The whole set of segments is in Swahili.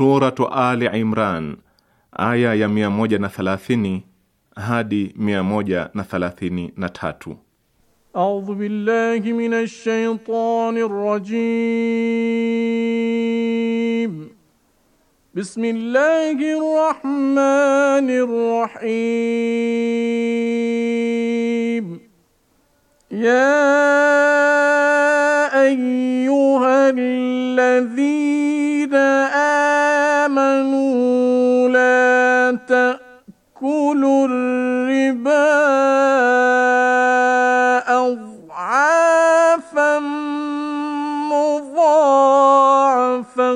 Suratu Ali Imran aya ya 130 hadi 133. A'udhu billahi minash shaitani rajim. Bismillahir rahmanir rahim. Ya ayyuhalladhina أكلوا الربا أضعافا مُضَاعَفًا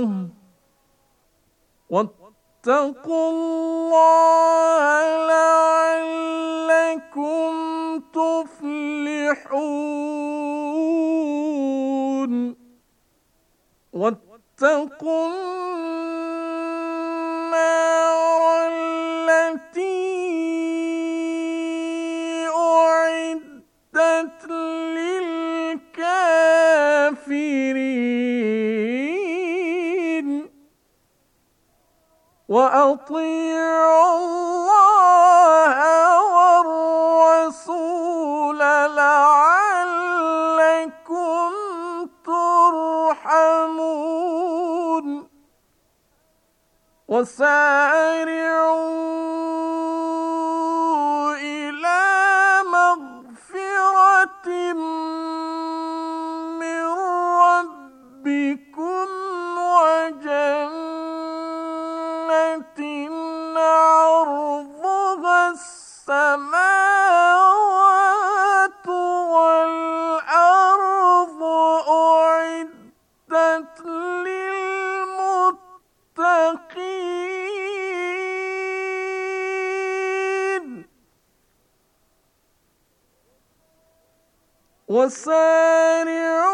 واتقوا الله لعلكم تفلحون واتقوا وأطيعوا الله والرسول لعلكم ترحمون وسارعون وسارعوا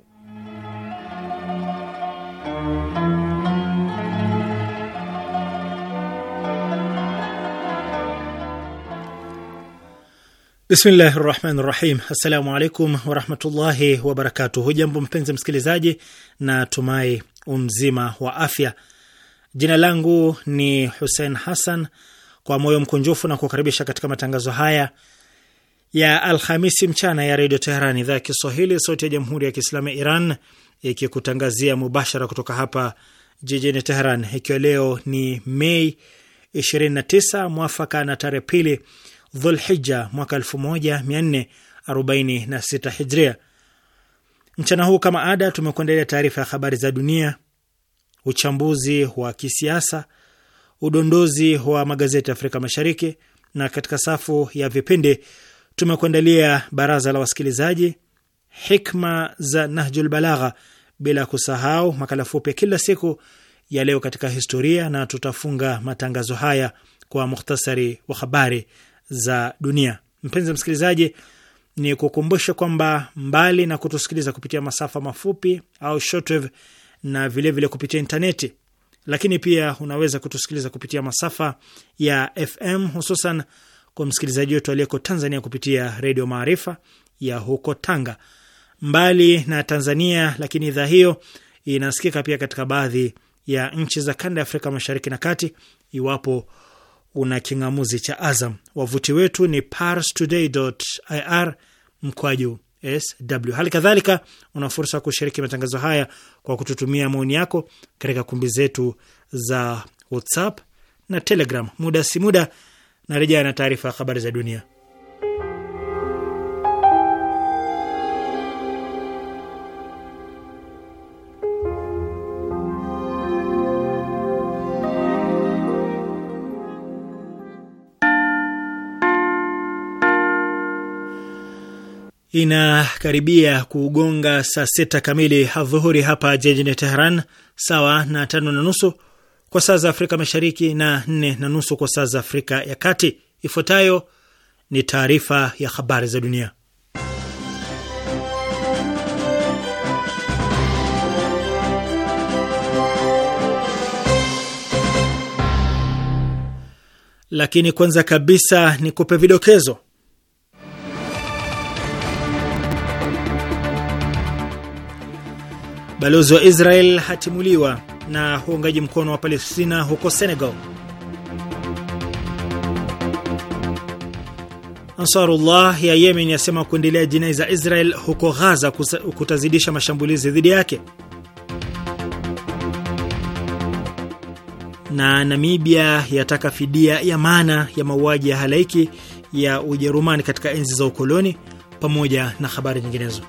Bismillahi rahmani rahim. Assalamu alaikum warahmatullahi wabarakatuh. Hujambo mpenzi msikilizaji, na tumai umzima wa afya. Jina langu ni Husein Hassan, kwa moyo mkunjufu na kukaribisha katika matangazo haya ya Alhamisi mchana ya Redio Teheran, idhaa ya Kiswahili, sauti ya Jamhuri ya Kiislamu ya Iran, ikikutangazia mubashara kutoka hapa jijini Teheran, ikiwa leo ni Mei 29 mwafaka na tarehe pili Dhulhija mwaka 1446 Hijria. Mchana huu kama ada, tumekuandalia taarifa ya habari za dunia, uchambuzi wa kisiasa, udondozi wa magazeti ya Afrika Mashariki, na katika safu ya vipindi tumekuandalia baraza la wasikilizaji, hikma za Nahjul Balagha, bila kusahau makala fupi ya kila siku ya leo katika historia, na tutafunga matangazo haya kwa mukhtasari wa habari za dunia. Mpenzi msikilizaji, ni kukumbusha kwamba mbali na kutusikiliza kupitia masafa mafupi au shortwave na vilevile vile kupitia intaneti, lakini pia unaweza kutusikiliza kupitia masafa ya FM hususan kwa msikilizaji wetu aliyeko Tanzania kupitia Redio Maarifa ya huko Tanga. Mbali na Tanzania, lakini idhaa hiyo inasikika pia katika baadhi ya nchi za kanda ya Afrika Mashariki na Kati iwapo una king'amuzi cha Azam. Wavuti wetu ni parstoday.ir mkwaju sw. Hali kadhalika una fursa ya kushiriki matangazo haya kwa kututumia maoni yako katika kumbi zetu za WhatsApp na Telegram. Muda si muda na na taarifa ya habari za dunia. inakaribia kugonga saa sita kamili adhuhuri hapa jijini teheran sawa na tano na nusu kwa saa za Afrika Mashariki na nne na nusu kwa saa za Afrika ya Kati. Ifuatayo ni taarifa ya habari za dunia, lakini kwanza kabisa ni kupe vidokezo Balozi wa Israel hatimuliwa na uungaji mkono wa Palestina huko Senegal. Ansarullah ya Yemen yasema kuendelea jinai za Israel huko Ghaza kutazidisha mashambulizi dhidi yake. Na Namibia yataka fidia ya maana ya mauaji ya halaiki ya Ujerumani katika enzi za ukoloni, pamoja na habari nyinginezo.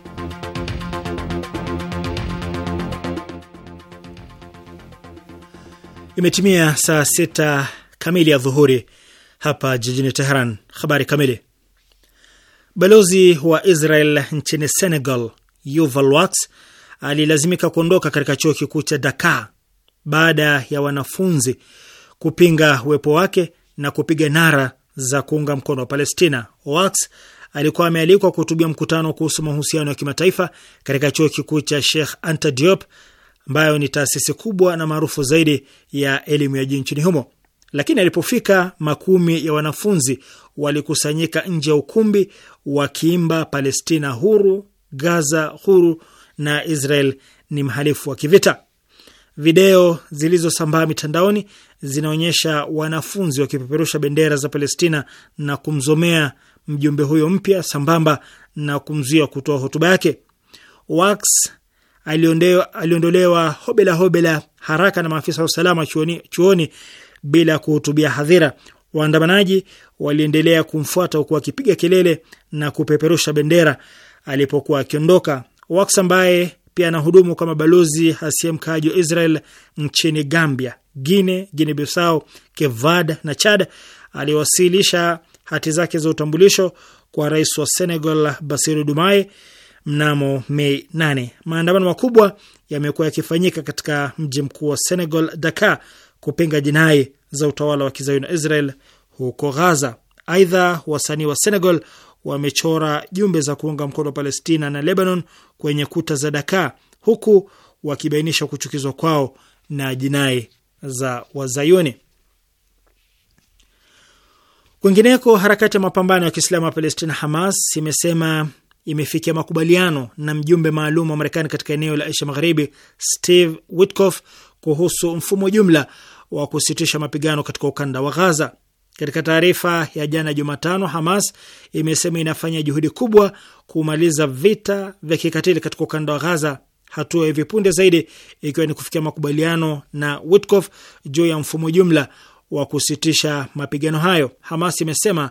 Imetimia saa sita kamili ya dhuhuri hapa jijini Teheran. Habari kamili. Balozi wa Israel nchini Senegal Yuval alilazimika kuondoka katika chuo kikuu cha Dakar baada ya wanafunzi kupinga uwepo wake na kupiga nara za kuunga mkono wa Palestina. Wax alikuwa amealikwa kuhutubia mkutano kuhusu mahusiano ya kimataifa katika chuo kikuu cha Sheikh Anta Diop ambayo ni taasisi kubwa na maarufu zaidi ya elimu ya juu nchini humo. Lakini alipofika, makumi ya wanafunzi walikusanyika nje ya ukumbi wakiimba Palestina huru, Gaza huru na Israel ni mhalifu wa kivita. Video zilizosambaa mitandaoni zinaonyesha wanafunzi wakipeperusha bendera za Palestina na kumzomea mjumbe huyo mpya sambamba na kumzuia kutoa hotuba yake aliondolewa hobela hobela haraka na maafisa wa usalama chuoni, chuoni bila kuhutubia hadhira. Waandamanaji waliendelea kumfuata huku akipiga kelele na kupeperusha bendera alipokuwa akiondoka. Waks ambaye pia anahudumu kama balozi asiye mkaaji wa Israel nchini Gambia, Guine, Guine Bisau, Kevad na Chad aliwasilisha hati zake za utambulisho kwa rais wa Senegal Basiru Dumai mnamo Mei 8. Maandamano makubwa yamekuwa yakifanyika katika mji mkuu wa Senegal, Dakar, kupinga jinai za utawala wa kizayuni wa Israel huko Ghaza. Aidha, wasanii wa Senegal wamechora jumbe za kuunga mkono wa Palestina na Lebanon kwenye kuta za Dakar, huku wakibainisha kuchukizwa kwao na jinai za Wazayuni. Kwingineko, harakati ya mapambano ya Kiislamu ya Palestina, Hamas, imesema imefikia makubaliano na mjumbe maalum wa Marekani katika eneo la Asia Magharibi Steve Witkoff kuhusu mfumo jumla wa kusitisha mapigano katika ukanda wa Ghaza. Katika taarifa ya jana Jumatano, Hamas imesema inafanya juhudi kubwa kumaliza vita vya kikatili katika ukanda wa Ghaza, hatua hivi punde zaidi ikiwa ni kufikia makubaliano na Witkoff juu ya mfumo jumla wa kusitisha mapigano hayo. Hamas imesema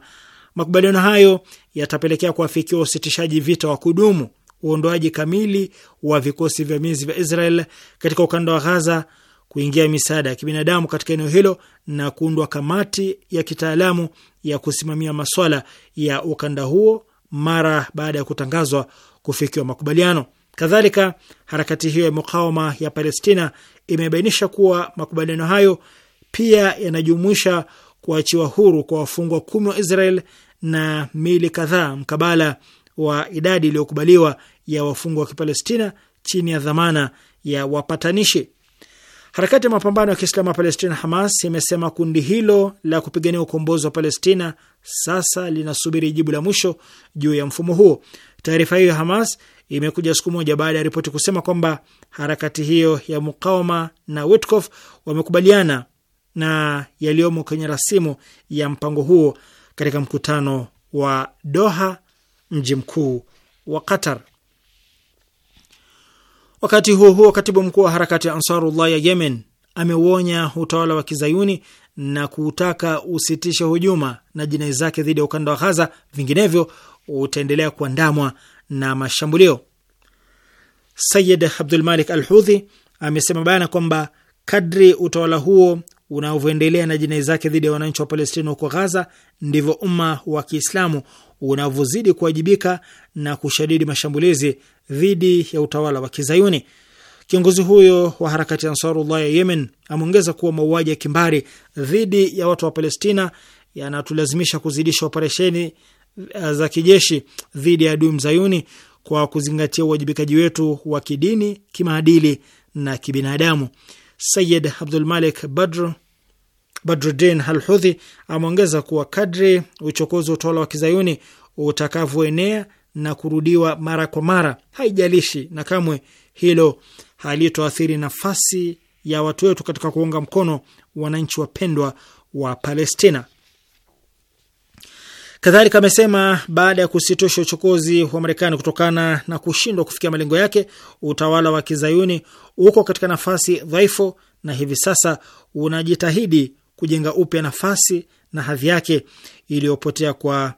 Makubaliano hayo yatapelekea kuafikiwa usitishaji vita wa kudumu, uondoaji kamili wa vikosi vya mizi vya Israel katika ukanda wa Ghaza, kuingia misaada ya kibinadamu katika eneo hilo na kuundwa kamati ya kitaalamu ya kusimamia maswala ya ukanda huo mara baada ya kutangazwa kufikiwa makubaliano. Kadhalika, harakati hiyo ya mukawama ya Palestina imebainisha kuwa makubaliano hayo pia yanajumuisha kuachiwa huru kwa wafungwa kumi wa Israel na mili kadhaa mkabala wa idadi iliyokubaliwa ya wafungwa wa Kipalestina chini ya dhamana ya wapatanishi. Harakati ya mapambano ya Kiislamu ya Palestina, Hamas, imesema kundi hilo la kupigania ukombozi wa Palestina sasa linasubiri jibu la mwisho juu ya mfumo huo. Taarifa hiyo ya Hamas imekuja siku moja baada ya ripoti kusema kwamba harakati hiyo ya mukawama na Witkof wamekubaliana na yaliyomo kwenye rasimu ya mpango huo katika mkutano wa Doha, mji mkuu wa Qatar. Wakati huo huo, katibu mkuu wa harakati ya Ansarullah ya Yemen ameuonya utawala wa kizayuni na kuutaka usitishe hujuma na jinai zake dhidi ya ukanda wa Ghaza, vinginevyo utaendelea kuandamwa na mashambulio. Sayid Abdul Malik Al Hudhi amesema bayana kwamba kadri utawala huo unavyoendelea na jinai zake dhidi ya wananchi wa Palestina huko Ghaza, ndivyo umma wa Kiislamu unavyozidi kuwajibika na kushadidi mashambulizi dhidi ya utawala wa Kizayuni. Kiongozi huyo wa harakati ya Ansarullah ya Yemen ameongeza kuwa mauaji ya kimbari dhidi ya watu wa Palestina yanatulazimisha kuzidisha operesheni eh, za kijeshi dhidi ya adui mzayuni kwa kuzingatia uwajibikaji wetu wa kidini, kimaadili na kibinadamu. Sayid Abdul Malik Badr, Badruddin halhudhi ameongeza kuwa kadri uchokozi wa utawala wa kizayuni utakavyoenea na kurudiwa mara kwa mara, haijalishi na kamwe hilo halitoathiri nafasi ya watu wetu katika kuunga mkono wananchi wapendwa wa Palestina. Kadhalika amesema baada ya kusitusha uchokozi wa Marekani kutokana na kushindwa kufikia malengo yake, utawala wa kizayuni uko katika nafasi dhaifu na hivi sasa unajitahidi kujenga upya nafasi na hadhi yake iliyopotea kwa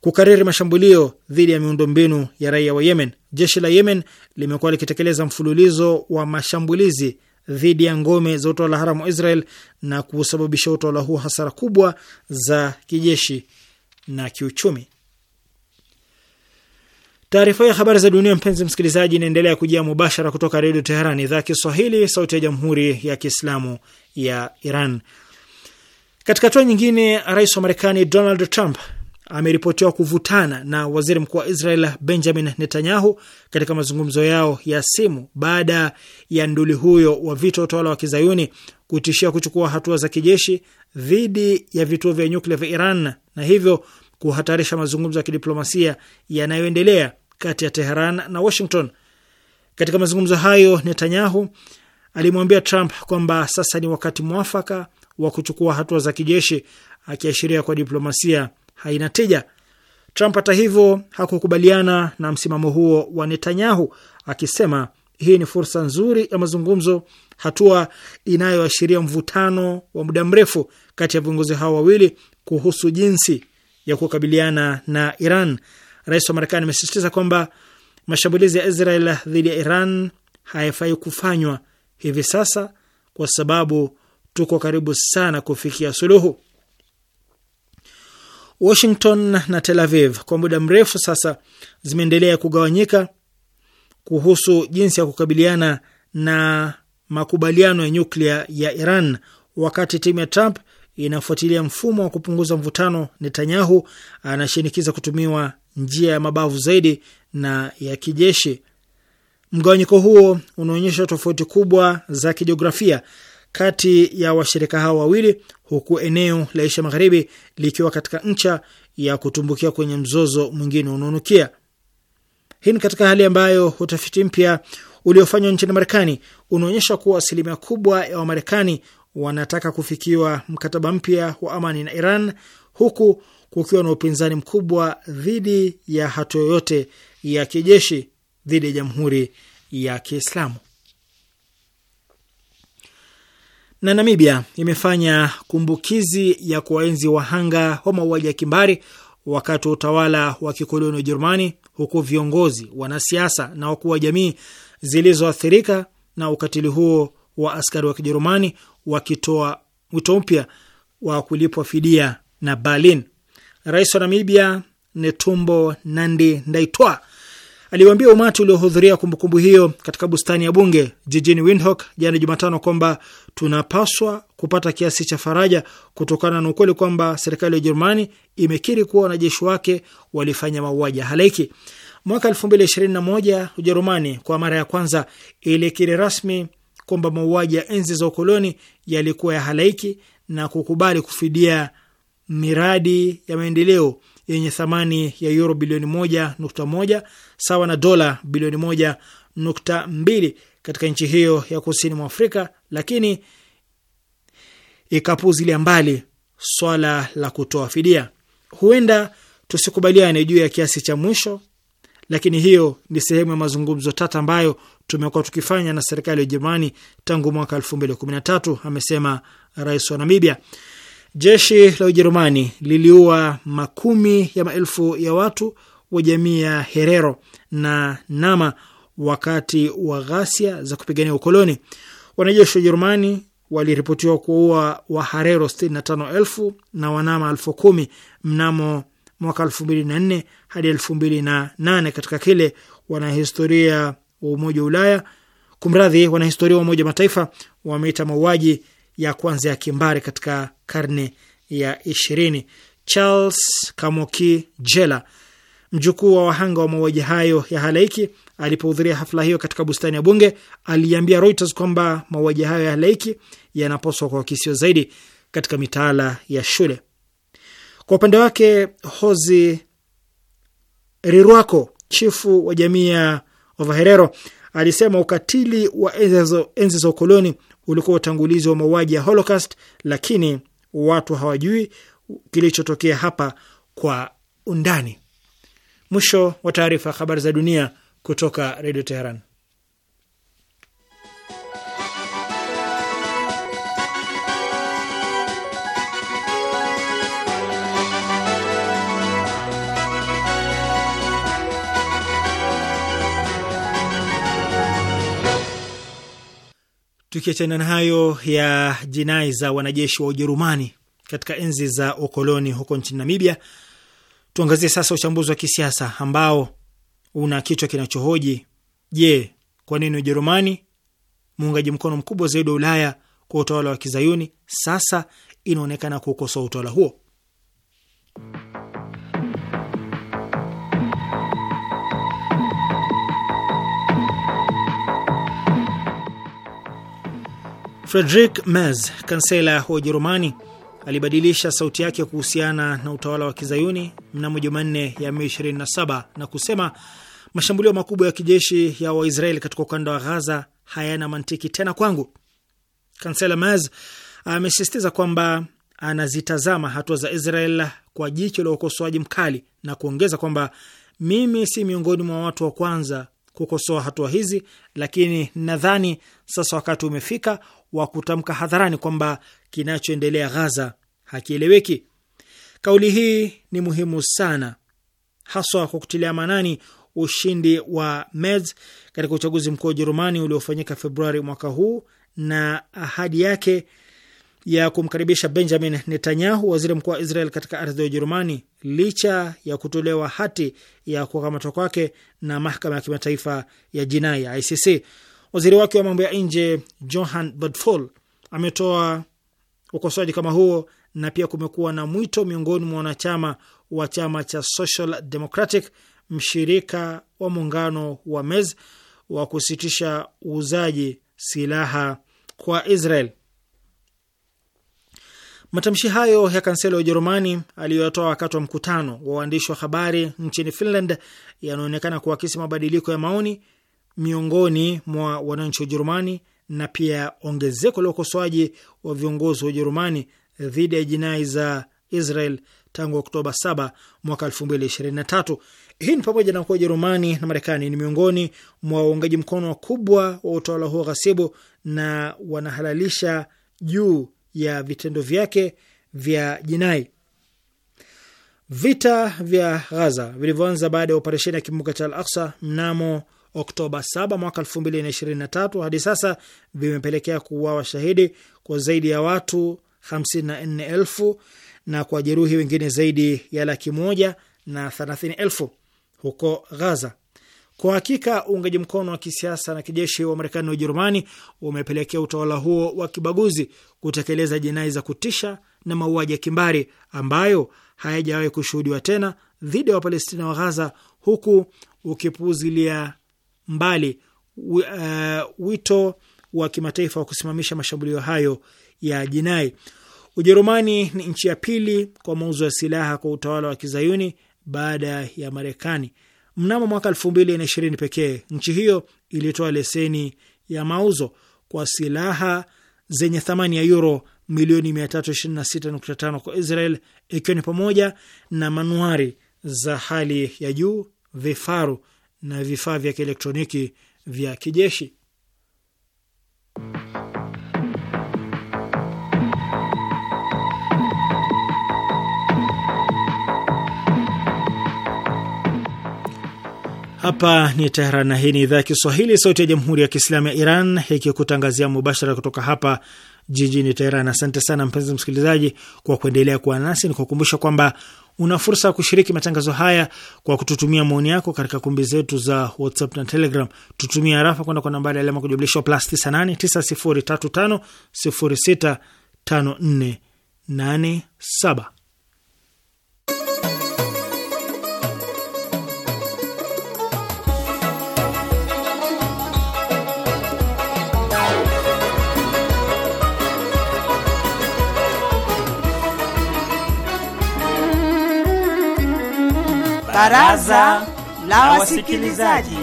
kukariri mashambulio dhidi ya miundombinu ya raia wa Yemen. Jeshi la Yemen limekuwa likitekeleza mfululizo wa mashambulizi dhidi ya ngome za utawala haramu wa Israel na kusababisha utawala huo hasara kubwa za kijeshi na kiuchumi. Taarifa ya habari za dunia, mpenzi msikilizaji, inaendelea kujia mubashara kutoka Redio Teheran, idhaa ya Kiswahili, sauti ya jamhuri ya kiislamu ya Iran. Katika hatua nyingine, rais wa Marekani Donald Trump ameripotiwa kuvutana na waziri mkuu wa Israel Benjamin Netanyahu katika mazungumzo yao ya simu baada ya nduli huyo wa vita utawala wa kizayuni kutishia kuchukua hatua za kijeshi dhidi ya vituo vya nyuklia vya Iran na hivyo kuhatarisha mazungumzo ya kidiplomasia yanayoendelea kati ya Teheran na Washington. Katika mazungumzo hayo, Netanyahu alimwambia Trump kwamba sasa ni wakati mwafaka wa kuchukua hatua za kijeshi, akiashiria kwa diplomasia haina tija. Trump hata hivyo hakukubaliana na msimamo huo wa Netanyahu, akisema hii ni fursa nzuri ya mazungumzo, hatua inayoashiria mvutano wa muda mrefu kati ya viongozi hao wawili kuhusu jinsi ya kukabiliana na Iran. Rais wa Marekani amesisitiza kwamba mashambulizi ya Israel dhidi ya Iran hayafai kufanywa hivi sasa kwa sababu tuko karibu sana kufikia suluhu. Washington na Tel Aviv kwa muda mrefu sasa zimeendelea kugawanyika kuhusu jinsi ya kukabiliana na makubaliano ya nyuklia ya Iran, wakati timu ya Trump inafuatilia mfumo wa kupunguza mvutano, Netanyahu anashinikiza kutumiwa njia ya mabavu zaidi na ya kijeshi. Mgawanyiko huo unaonyesha tofauti kubwa za kijiografia kati ya washirika hao wawili, huku eneo la Asia Magharibi likiwa katika ncha ya kutumbukia kwenye mzozo mwingine unaonukia. Hii ni katika hali ambayo utafiti mpya uliofanywa nchini Marekani unaonyesha kuwa asilimia kubwa ya Wamarekani wanataka kufikiwa mkataba mpya wa amani na Iran, huku kukiwa na upinzani mkubwa dhidi ya hatua yoyote ya kijeshi dhidi ya Jamhuri ya Kiislamu. Na Namibia imefanya kumbukizi ya kuwaenzi wahanga wa mauaji ya kimbari wakati wa utawala wa kikoloni Ujerumani, huku viongozi, wanasiasa na wakuu wa jamii zilizoathirika na ukatili huo wa askari wa Kijerumani wakitoa wito mpya wa kulipwa fidia na Berlin. Rais wa Namibia Netumbo Nandi Ndaitwa aliwaambia umati uliohudhuria kumbukumbu hiyo katika bustani ya bunge jijini Windhoek jana Jumatano kwamba tunapaswa kupata kiasi cha faraja kutokana na ukweli kwamba serikali ya Ujerumani imekiri kuwa wanajeshi wake walifanya mauaji ya halaiki. Mwaka moja Ujerumani kwa mara ya kwanza ilikiri rasmi kwamba mauaji ya enzi za ukoloni yalikuwa ya halaiki na kukubali kufidia miradi ya maendeleo yenye thamani ya euro bilioni moja nukta moja sawa na dola bilioni moja nukta mbili katika nchi hiyo ya kusini mwa Afrika, lakini ikapuzilia mbali swala la kutoa fidia. Huenda tusikubaliane juu ya kiasi cha mwisho, lakini hiyo ni sehemu ya mazungumzo tata ambayo tumekuwa tukifanya na serikali ya Ujerumani tangu mwaka elfu mbili kumi na tatu, amesema rais wa Namibia. Jeshi la Ujerumani liliua makumi ya maelfu ya watu wa jamii ya Herero na Nama wakati wa ghasia za kupigania ukoloni. Wanajeshi wa Ujerumani waliripotiwa kuua Waharero 65,000 na Wanama 10,000 mnamo mwaka 2004 hadi 2008 katika kile wanahistoria wa Umoja wa Ulaya, kumradhi, wanahistoria wa Umoja Mataifa wameita mauaji ya kwanza ya kimbari katika karne ya ishirini. Charles Kamoki Jela, mjukuu wa wahanga wa mauaji hayo ya halaiki, alipohudhuria hafla hiyo katika bustani ya bunge, aliambia Reuters kwamba mauaji hayo ya halaiki yanapaswa kisio zaidi katika mitaala ya shule. Kwa upande wake, Hozi Rirwako, chifu wa jamii ya Ovaherero, alisema ukatili wa enzi za ukoloni ulikuwa utangulizi wa mauaji ya Holocaust, lakini watu hawajui kilichotokea hapa kwa undani. Mwisho wa taarifa. Habari za dunia kutoka Redio Teheran. Tukiachana na hayo ya jinai za wanajeshi wa Ujerumani katika enzi za ukoloni huko nchini Namibia, tuangazie sasa uchambuzi wa kisiasa ambao una kichwa kinachohoji je, kwa nini Ujerumani, muungaji mkono mkubwa zaidi wa Ulaya kwa utawala wa kizayuni, sasa inaonekana kuukosoa utawala huo. Friedrich Merz, kansela wa Ujerumani, alibadilisha sauti yake kuhusiana na utawala wa kizayuni mnamo Jumanne ya Mei 27 na kusema mashambulio makubwa ya kijeshi ya Waisraeli katika ukanda wa Ghaza hayana mantiki tena kwangu. Kansela Merz amesisitiza kwamba anazitazama hatua za Israel kwa jicho la ukosoaji mkali na kuongeza kwamba mimi si miongoni mwa watu wa kwanza kukosoa hatua hizi, lakini nadhani sasa wakati umefika wa kutamka hadharani kwamba kinachoendelea Ghaza hakieleweki. Kauli hii ni muhimu sana, haswa kwa kutilia maanani ushindi wa Merz katika uchaguzi mkuu wa Ujerumani uliofanyika Februari mwaka huu na ahadi yake ya kumkaribisha Benjamin Netanyahu, waziri mkuu wa Israel, katika ardhi ya Ujerumani licha ya kutolewa hati ya kukamatwa kwake na mahakama ya kimataifa ya jinai ya ICC. Waziri wake wa mambo ya nje johan Bodfol ametoa ukosoaji kama huo, na pia kumekuwa na mwito miongoni mwa wanachama wa chama cha Social Democratic, mshirika wa muungano wa Mez, wa kusitisha uuzaji silaha kwa Israel. Matamshi hayo ya kansela ya Ujerumani aliyoyatoa wakati wa mkutano wa waandishi wa habari nchini Finland yanaonekana kuakisi mabadiliko ya maoni miongoni mwa wananchi wa Ujerumani na pia ongezeko la ukosoaji wa viongozi wa Ujerumani dhidi ya jinai za Israel tangu Oktoba 7 mwaka 2023. Hii ni pamoja na kuwa Ujerumani na Marekani ni miongoni mwa waungaji mkono wakubwa wa utawala huo ghasibu na wanahalalisha juu ya vitendo vyake vya jinai. Vita vya Ghaza vilivyoanza baada ya operesheni ya kimbunga cha Al Aksa mnamo Oktoba 7 mwaka 2023 hadi sasa vimepelekea kuuawa shahidi kwa zaidi ya watu 54,000 na kwa jeruhi wengine zaidi ya laki moja na 30,000 huko Ghaza. Kwa hakika uungaji mkono wa kisiasa na kijeshi wa Marekani na Ujerumani umepelekea utawala huo wa kibaguzi kutekeleza jinai za kutisha na mauaji ya kimbari ambayo hayajawahi kushuhudiwa tena dhidi ya Wapalestina wa Ghaza, huku ukipuzilia mbali uh, wito wa kimataifa wa kusimamisha mashambulio hayo ya jinai. Ujerumani ni nchi ya pili kwa mauzo ya silaha kwa utawala wa kizayuni baada ya Marekani. Mnamo mwaka na ishirini pekee nchi hiyo ilitoa leseni ya mauzo kwa silaha zenye thamani ya euro milioni 326.5 kwa Israel, ikiwa ni pamoja na manuari za hali ya juu, vifaru na vifaa vya kielektroniki vya kijeshi. Hapa ni Tehran na hii ni idhaa ya Kiswahili, sauti ya jamhuri ya kiislamu ya Iran, ikikutangazia mubashara kutoka hapa jijini Tehran. Asante sana mpenzi msikilizaji kwa kuendelea kuwa nasi. ni kukumbusha kwamba una fursa ya kushiriki matangazo haya kwa kututumia maoni yako katika kumbi zetu za WhatsApp na Telegram. Tutumia harafa kwenda kwa nambari alama kujumlisha plus 989035065487. Baraza la Wasikilizaji.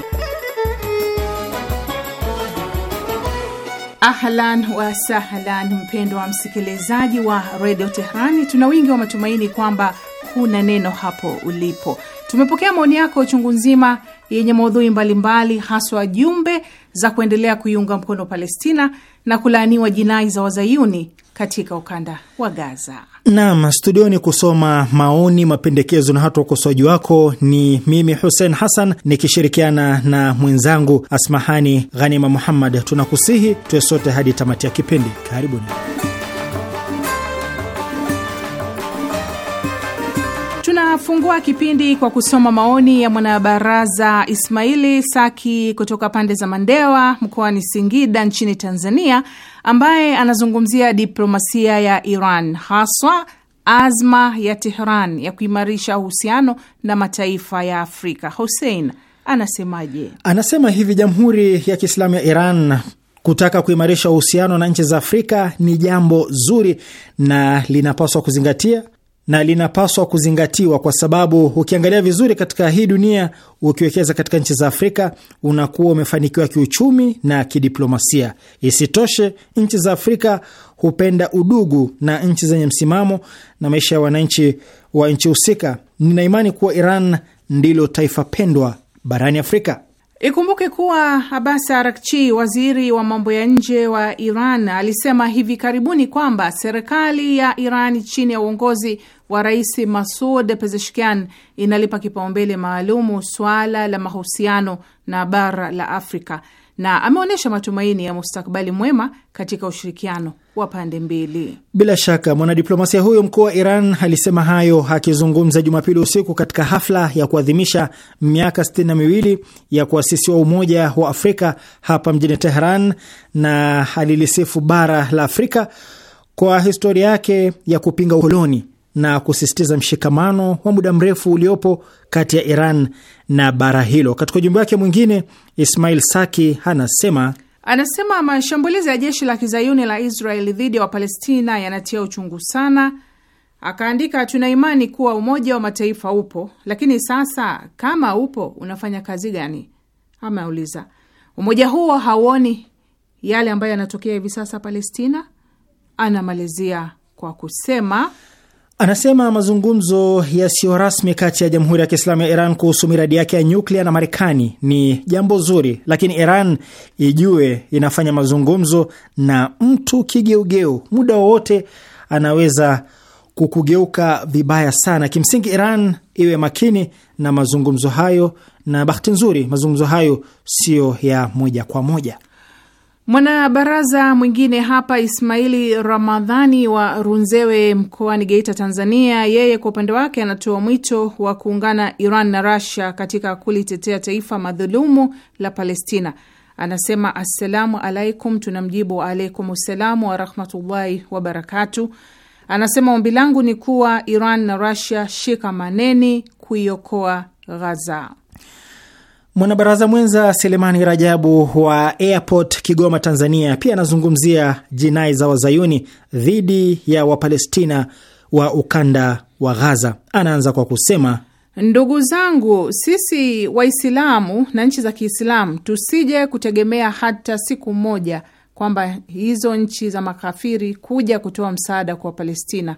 Ahlan wa sahlan, mpendo wa msikilizaji wa redio tehrani tuna wingi wa matumaini kwamba huna neno hapo ulipo. Tumepokea maoni yako chungu nzima yenye maudhui mbalimbali, haswa jumbe za kuendelea kuiunga mkono Palestina na kulaaniwa jinai za wazayuni katika ukanda wa Gaza. Nam studioni kusoma maoni, mapendekezo na hata ukosoaji wako ni mimi Hussein Hassan nikishirikiana na mwenzangu Asmahani Ghanima Muhammad. Tunakusihi tuwe sote hadi tamati ya kipindi. Karibuni. Tunafungua kipindi kwa kusoma maoni ya mwanabaraza Ismaili Saki kutoka pande za Mandewa mkoani Singida nchini Tanzania, ambaye anazungumzia diplomasia ya Iran haswa azma ya Tehran ya kuimarisha uhusiano na mataifa ya Afrika. Hussein anasemaje? Anasema hivi, Jamhuri ya Kiislamu ya Iran kutaka kuimarisha uhusiano na nchi za Afrika ni jambo zuri na linapaswa kuzingatia na linapaswa kuzingatiwa kwa sababu ukiangalia vizuri katika hii dunia, ukiwekeza katika nchi za Afrika unakuwa umefanikiwa kiuchumi na kidiplomasia. Isitoshe, nchi za Afrika hupenda udugu na nchi zenye msimamo na maisha ya wananchi wa nchi husika. ninaimani kuwa Iran ndilo taifa pendwa barani Afrika. Ikumbuke kuwa Abbas Arakchi, waziri wa mambo ya nje wa Iran, alisema hivi karibuni kwamba serikali ya Iran chini ya uongozi wa Rais Masud Pezeshkian inalipa kipaumbele maalumu suala la mahusiano na bara la Afrika na ameonyesha matumaini ya mustakabali mwema katika ushirikiano wa pande mbili. Bila shaka mwanadiplomasia huyo mkuu wa Iran alisema hayo akizungumza Jumapili usiku katika hafla ya kuadhimisha miaka sitini na miwili ya kuasisiwa Umoja wa Afrika hapa mjini Teheran, na alilisifu bara la Afrika kwa historia yake ya kupinga ukoloni na kusisitiza mshikamano wa muda mrefu uliopo kati ya Iran na bara hilo. Katika ujumbe wake mwingine, Ismail Saki anasema anasema mashambulizi ya jeshi la kizayuni la Israel dhidi ya Wapalestina yanatia uchungu sana. Akaandika, tuna imani kuwa Umoja wa Mataifa upo, lakini sasa kama upo unafanya kazi gani? Ameuliza, umoja huo hauoni yale ambayo yanatokea hivi sasa Palestina? Anamalizia kwa kusema Anasema mazungumzo yasiyo rasmi kati ya Jamhuri ya Kiislamu ya Iran kuhusu miradi yake ya nyuklia na Marekani ni jambo zuri, lakini Iran ijue inafanya mazungumzo na mtu kigeugeu, muda wowote anaweza kukugeuka vibaya sana. Kimsingi, Iran iwe makini na mazungumzo hayo, na bahati nzuri mazungumzo hayo siyo ya moja kwa moja. Mwanabaraza mwingine hapa Ismaili Ramadhani wa Runzewe mkoani Geita, Tanzania, yeye kwa upande wake anatoa mwito wa kuungana Iran na Russia katika kulitetea taifa madhulumu la Palestina. Anasema, assalamu alaikum. Tuna mjibu wa alaikum ssalamu warahmatullahi wabarakatu. Anasema, ombi langu ni kuwa Iran na shika maneni kuiokoa Ghaza. Mwanabaraza mwenza Selemani Rajabu wa Airport Kigoma, Tanzania, pia anazungumzia jinai za wazayuni dhidi ya Wapalestina wa ukanda wa Ghaza. Anaanza kwa kusema Ndugu zangu, sisi Waislamu na nchi za Kiislamu tusije kutegemea hata siku moja kwamba hizo nchi za makafiri kuja kutoa msaada kwa Palestina.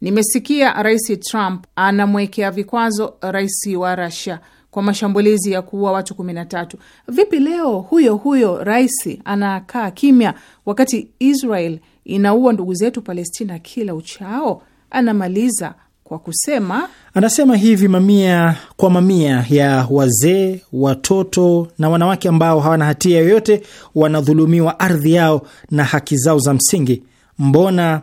Nimesikia Rais Trump anamwekea vikwazo rais wa rasia kwa mashambulizi ya kuua watu kumi na tatu. Vipi leo huyo huyo rais anakaa kimya wakati Israel inaua ndugu zetu Palestina kila uchao? Anamaliza kwa kusema anasema hivi: mamia kwa mamia ya wazee, watoto na wanawake ambao hawana hatia yoyote wanadhulumiwa ardhi yao na haki zao za msingi. Mbona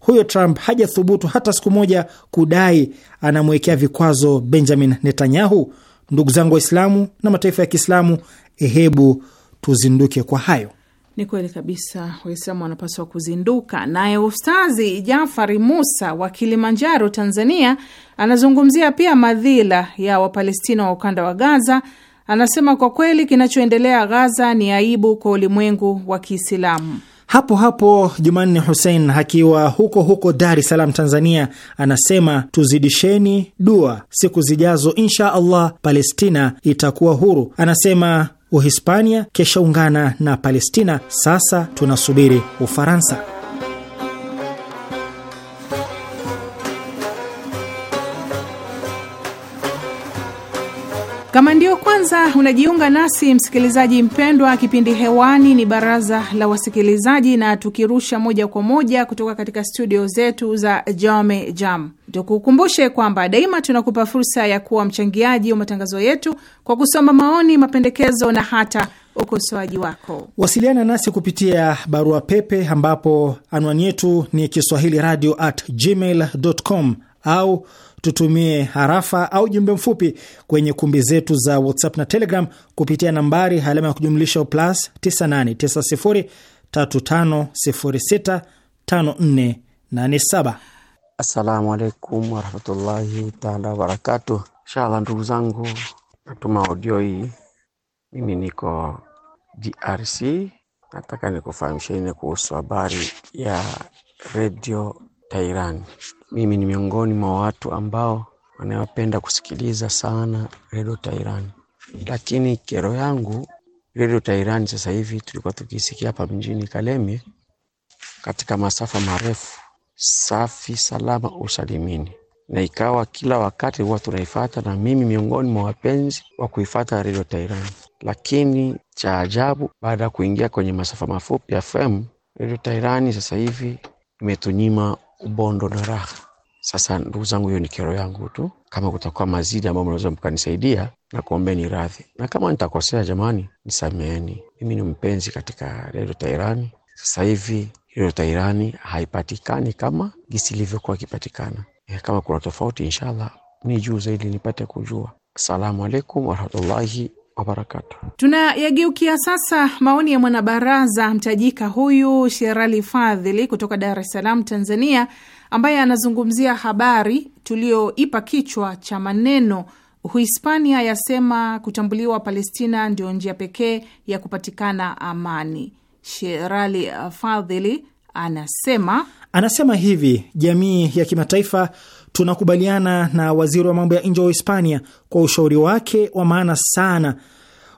huyo Trump hajathubutu hata siku moja kudai anamwekea vikwazo Benjamin Netanyahu? Ndugu zangu Waislamu na mataifa ya Kiislamu, eh, hebu tuzinduke kwa hayo. Ni kweli kabisa, Waislamu wanapaswa kuzinduka. Naye Ustazi Jafari Musa wa Kilimanjaro, Tanzania, anazungumzia pia madhila ya Wapalestina wa ukanda wa Gaza. Anasema kwa kweli kinachoendelea Gaza ni aibu kwa ulimwengu wa Kiislamu. Hapo hapo Jumanne Hussein akiwa huko huko Dar es Salaam, Tanzania, anasema tuzidisheni dua, siku zijazo insha Allah Palestina itakuwa huru. Anasema Uhispania kesha ungana na Palestina, sasa tunasubiri Ufaransa. Kama ndio kwanza unajiunga nasi, msikilizaji mpendwa, kipindi hewani ni baraza la wasikilizaji, na tukirusha moja kwa moja kutoka katika studio zetu za Jome Jam. Tukukumbushe kwamba daima tunakupa fursa ya kuwa mchangiaji wa matangazo yetu kwa kusoma maoni, mapendekezo na hata ukosoaji wako. Wasiliana nasi kupitia barua pepe, ambapo anwani yetu ni kiswahili radio at gmail.com au tutumie harafa au jumbe mfupi kwenye kumbi zetu za WhatsApp na Telegram kupitia nambari alama ya kujumlisha plus 989035065487. Assalamu alaikum warahmatullahi taala wabarakatuh. Inshallah ndugu zangu, natuma audio hii. Mimi niko DRC, nataka nikufahamisheni kuhusu habari ya redio Tairani. Mimi ni miongoni mwa watu ambao wanayopenda kusikiliza sana redio Tairani, lakini kero yangu redio Tairani sasa hivi tulikuwa tukisikia hapa mjini Kalemie katika masafa marefu, safi salama usalimini, na ikawa kila wakati huwa tunaifata, na mimi miongoni mwa wapenzi wa kuifata redio Tairani. Lakini cha ajabu, baada ya kuingia kwenye masafa mafupi FM, redio Tairani sasa hivi imetunyima ubondo na raha. Sasa ndugu zangu, hiyo ni kero yangu tu. Kama kutakuwa mazidi ambayo mnaweza mkanisaidia, na kuombeni radhi, na kama nitakosea, jamani, nisameeni. Mimi ni mpenzi katika redio Tairani. Sasa hivi redio Tairani haipatikani kama gisi ilivyokuwa ikipatikana. E, kama kuna tofauti, inshallah ni juu zaidi nipate kujua. Asalamu alaikum warahmatullahi wabarakatu. Tunayageukia sasa maoni ya mwanabaraza mtajika huyu Sherali Fadhili kutoka Dar es Salaam, Tanzania, ambaye anazungumzia habari tuliyoipa kichwa cha maneno Uhispania yasema kutambuliwa Palestina ndio njia pekee ya kupatikana amani. Sherali Fadhili anasema anasema hivi: jamii ya kimataifa Tunakubaliana na waziri wa mambo ya nje wa Hispania kwa ushauri wake wa maana sana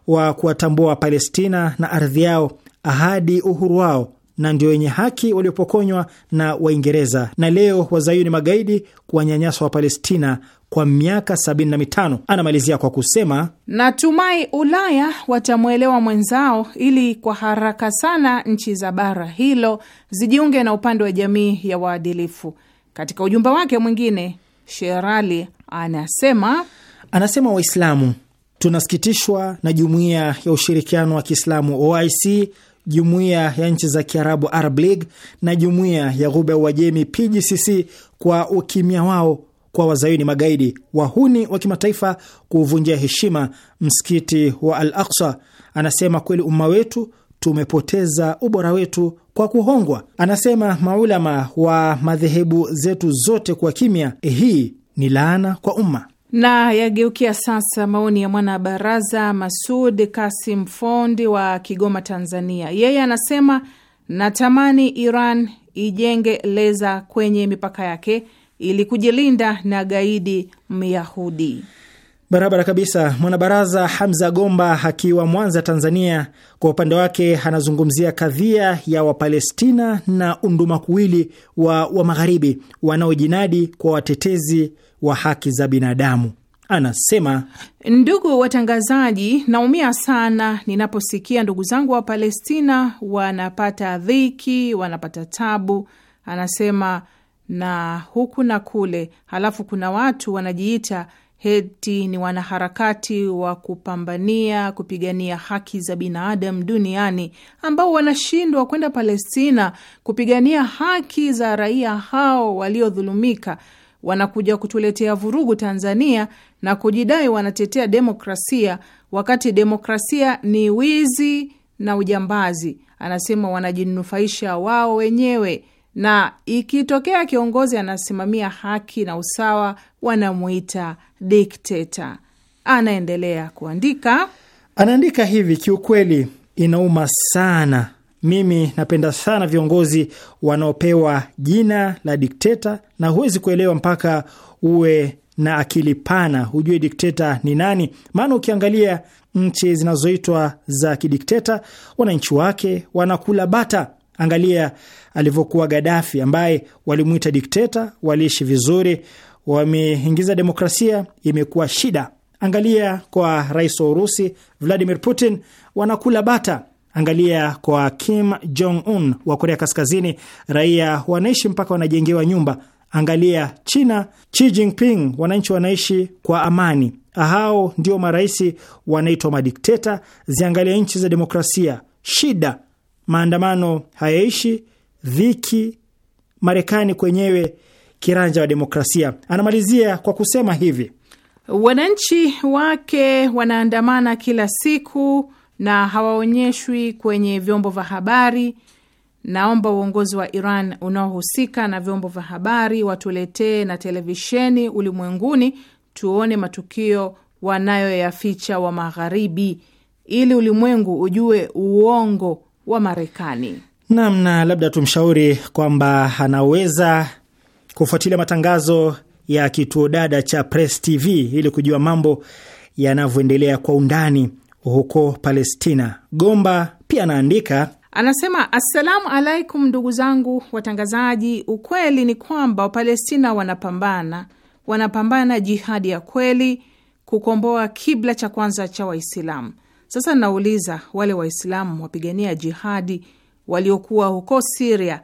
wa kuwatambua Palestina na ardhi yao ahadi uhuru wao na ndio wenye haki waliopokonywa na Waingereza na leo wazayuni magaidi kuwanyanyasa wa Palestina kwa miaka 75. Anamalizia kwa kusema, natumai Ulaya watamwelewa mwenzao ili kwa haraka sana nchi za bara hilo zijiunge na upande wa jamii ya waadilifu. Katika ujumbe wake mwingine, Sherali anasema anasema Waislamu tunasikitishwa na jumuiya ya ushirikiano wa Kiislamu OIC, jumuiya ya nchi za Kiarabu Arab League na jumuiya ya Ghuba ya Uajemi PGCC kwa ukimya wao kwa wazayuni magaidi wahuni wa kimataifa kuuvunjia heshima msikiti wa Al Aksa. Anasema kweli umma wetu tumepoteza ubora wetu kwa kuhongwa. Anasema maulama wa madhehebu zetu zote kwa kimya, hii ni laana kwa umma. Na yageukia sasa maoni ya mwana baraza Masud Kasim Fondi wa Kigoma, Tanzania. Yeye anasema natamani Iran ijenge leza kwenye mipaka yake ili kujilinda na gaidi Myahudi. Barabara kabisa. Mwanabaraza Hamza Gomba akiwa Mwanza, Tanzania, kwa upande wake anazungumzia kadhia ya Wapalestina na undumakuwili wa wa Magharibi wanaojinadi kwa watetezi wa haki za binadamu. Anasema, ndugu watangazaji, naumia sana ninaposikia ndugu zangu wa Palestina wanapata dhiki, wanapata tabu. Anasema na huku na kule, halafu kuna watu wanajiita Heti ni wanaharakati wa kupambania kupigania haki za binadamu duniani ambao wanashindwa kwenda Palestina kupigania haki za raia hao waliodhulumika. Wanakuja kutuletea vurugu Tanzania na kujidai wanatetea demokrasia, wakati demokrasia ni wizi na ujambazi. Anasema wanajinufaisha wao wenyewe na ikitokea kiongozi anasimamia haki na usawa wanamuita dikteta. Anaendelea kuandika, anaandika hivi: kiukweli inauma sana. Mimi napenda sana viongozi wanaopewa jina la dikteta, na huwezi kuelewa mpaka uwe na akili pana, hujue dikteta ni nani. Maana ukiangalia nchi zinazoitwa za kidikteta, wananchi wake wanakula bata Angalia alivyokuwa Gadafi ambaye walimwita dikteta, waliishi vizuri, wameingiza demokrasia, imekuwa shida. Angalia kwa rais wa Urusi Vladimir Putin, wanakula bata. Angalia kwa Kim Jong Un wa Korea Kaskazini, raia wanaishi mpaka wanajengewa nyumba. Angalia China, Xi Jinping, wananchi wanaishi kwa amani. Hao ndio maraisi wanaitwa madikteta. Ziangalia nchi za demokrasia, shida maandamano hayaishi, dhiki, Marekani kwenyewe kiranja wa demokrasia. Anamalizia kwa kusema hivi: wananchi wake wanaandamana kila siku na hawaonyeshwi kwenye vyombo vya habari. Naomba uongozi wa Iran unaohusika na vyombo vya habari watuletee na televisheni ulimwenguni, tuone matukio wanayoyaficha wa Magharibi, ili ulimwengu ujue uongo wa Marekani. Naam, na labda tumshauri kwamba anaweza kufuatilia matangazo ya kituo dada cha Press TV ili kujua mambo yanavyoendelea kwa undani huko Palestina. Gomba pia anaandika anasema, assalamu alaikum, ndugu zangu watangazaji. Ukweli ni kwamba Wapalestina wanapambana, wanapambana jihadi ya kweli kukomboa kibla cha kwanza cha Waislamu. Sasa nauliza wale Waislamu wapigania jihadi waliokuwa huko Siria,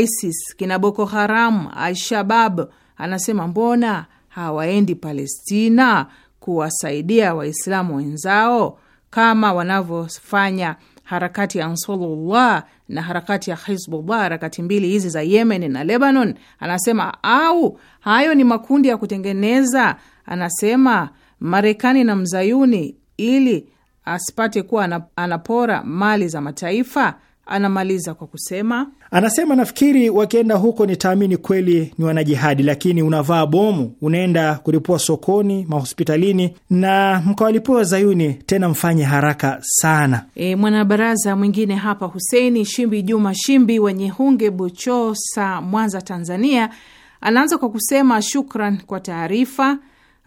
ISIS, kina Boko Haram, Alshabab, anasema mbona hawaendi Palestina kuwasaidia Waislamu wenzao kama wanavyofanya harakati ya Ansarullah na harakati ya Hizbullah, harakati mbili hizi za Yemen na Lebanon. Anasema au hayo ni makundi ya kutengeneza, anasema Marekani na mzayuni ili asipate kuwa anapora mali za mataifa? Anamaliza kwa kusema, anasema nafikiri wakienda huko nitaamini kweli ni wanajihadi, lakini unavaa bomu, unaenda kulipua sokoni, mahospitalini na mkawalipua Zayuni, tena mfanye haraka sana. E, mwanabaraza mwingine hapa Huseini Shimbi Juma Shimbi wenye hunge Buchosa, Mwanza, Tanzania, anaanza kwa kusema shukran kwa taarifa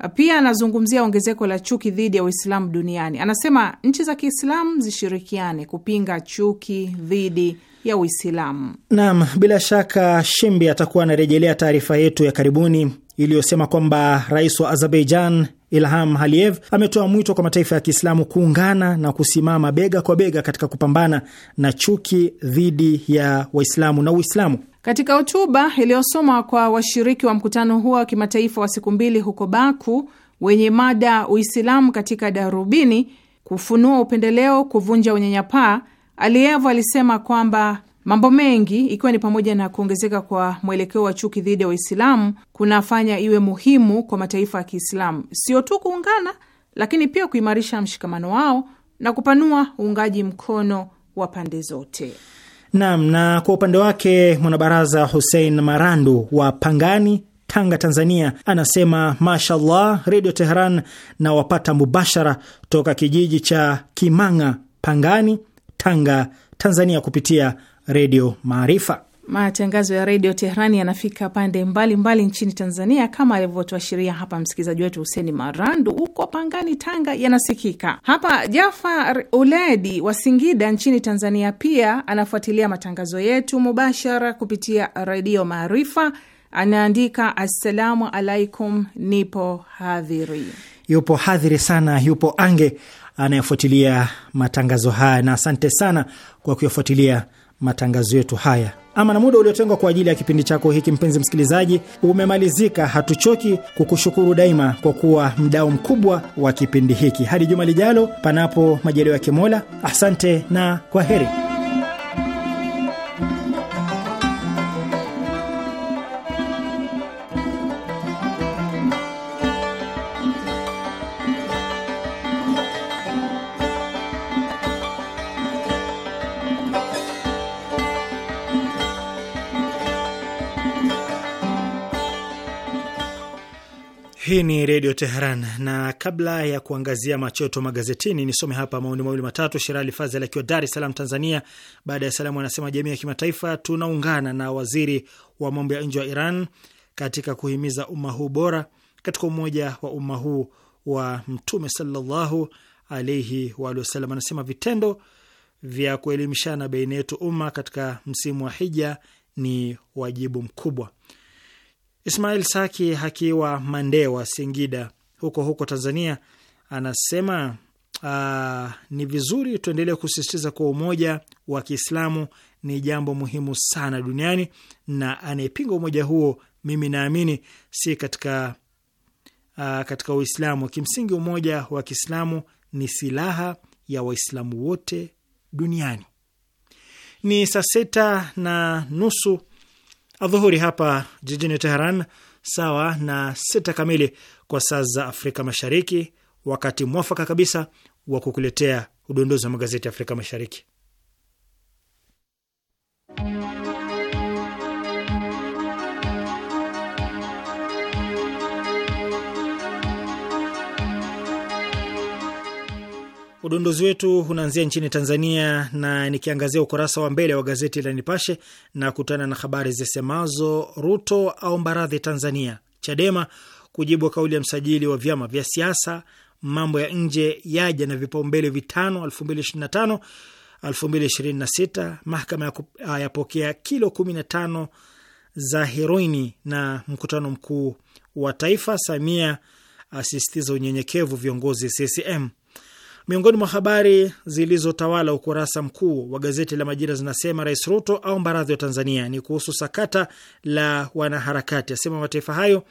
pia anazungumzia ongezeko la chuki dhidi ya Uislamu duniani. Anasema nchi za Kiislamu zishirikiane kupinga chuki dhidi ya Uislamu. Naam, bila shaka Shimbi atakuwa anarejelea taarifa yetu ya karibuni iliyosema kwamba rais wa Azerbaijan Ilham Aliyev ametoa mwito kwa mataifa ya Kiislamu kuungana na kusimama bega kwa bega katika kupambana na chuki dhidi ya Waislamu na Uislamu. Katika hotuba iliyosomwa kwa washiriki wa mkutano huo wa kimataifa wa siku mbili huko Baku wenye mada Uislamu katika darubini, kufunua upendeleo, kuvunja unyanyapaa, Aliyev alisema kwamba Mambo mengi ikiwa ni pamoja na kuongezeka kwa mwelekeo wa chuki dhidi ya Waislamu kunafanya iwe muhimu kwa mataifa ya Kiislamu sio tu kuungana, lakini pia kuimarisha mshikamano wao na kupanua uungaji mkono wa pande zote. Naam. Na kwa upande wake mwanabaraza Hussein Marandu wa Pangani, Tanga, Tanzania, anasema mashallah, Redio Teheran na wapata mubashara toka kijiji cha Kimanga, Pangani, Tanga, Tanzania, kupitia Redio Maarifa. Matangazo ya Redio Teherani yanafika pande mbalimbali mbali nchini Tanzania, kama alivyotuashiria hapa msikilizaji wetu Huseni Marandu huko Pangani, Tanga, yanasikika hapa. Jafar Uledi wa Singida nchini Tanzania pia anafuatilia matangazo yetu mubashara kupitia Redio Maarifa. Anaandika, assalamu alaikum, nipo hadhiri. Yupo hadhiri sana, yupo ange anayefuatilia matangazo haya, na asante sana kwa kuyafuatilia matangazo yetu haya. Ama na muda uliotengwa kwa ajili ya kipindi chako hiki, mpenzi msikilizaji, umemalizika. Hatuchoki kukushukuru daima kwa kuwa mdau mkubwa wa kipindi hiki. Hadi juma lijalo, panapo majaliwa ya Kimola. Asante na kwa heri. Hii ni Redio Teheran, na kabla ya kuangazia machoto magazetini nisome hapa maoni mawili matatu. Shirali Fazel akiwa Dar es Salaam, Tanzania, baada ya salamu anasema, jamii ya kimataifa tunaungana na waziri wa mambo ya nje wa Iran katika kuhimiza umma huu bora katika umoja wa umma huu wa Mtume sallallahu alaihi waalihi wasallam. Anasema vitendo vya kuelimishana baina yetu umma katika msimu wa hija ni wajibu mkubwa. Ismail Saki akiwa Mandewa, Singida, huko huko Tanzania, anasema aa, ah, ni vizuri tuendelee kusisitiza kuwa umoja wa Kiislamu ni jambo muhimu sana duniani, na anayepinga umoja huo mimi naamini si katika aa, ah, katika Uislamu. Kimsingi, umoja wa Kiislamu ni silaha ya Waislamu wote duniani. Ni saa sita na nusu adhuhuri hapa jijini Teheran, sawa na sita kamili kwa saa za Afrika Mashariki, wakati mwafaka kabisa wa kukuletea udondozi wa magazeti ya Afrika Mashariki. Udondozi wetu unaanzia nchini Tanzania, na nikiangazia ukurasa wa mbele wa gazeti la Nipashe na kutana na habari zisemazo: Ruto aomba radhi Tanzania, Chadema kujibu kauli ya msajili wa vyama vya siasa, mambo ya nje yaja na vipaumbele vitano 2025 2026, mahakama ah, yapokea kilo 15 za heroini, na mkutano mkuu wa taifa, Samia asisitiza unyenyekevu viongozi CCM. Miongoni mwa habari zilizotawala ukurasa mkuu wa gazeti la Majira zinasema Rais Ruto au mbaradhi wa Tanzania ni kuhusu sakata la wanaharakati, asema mataifa hayo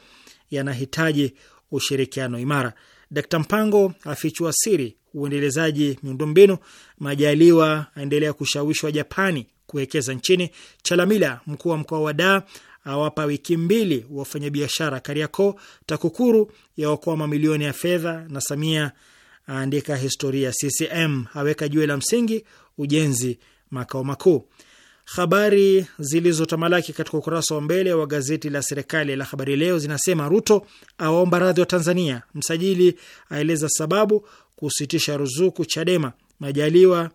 yanahitaji ushirikiano imara. Dkt Mpango afichua siri uendelezaji miundombinu. Majaliwa aendelea kushawishwa Japani kuwekeza nchini. Chalamila, mkuu wa mkoa wa Daa, awapa wiki mbili wafanyabiashara Kariakoo. TAKUKURU yaokoa mamilioni ya fedha na Samia aandika historia CCM, aweka jiwe la msingi ujenzi makao makuu. Habari zilizotamalaki katika ukurasa wa mbele wa gazeti la serikali la Habari Leo zinasema Ruto awaomba radhi wa Tanzania, msajili aeleza sababu kusitisha ruzuku Chadema, Majaliwa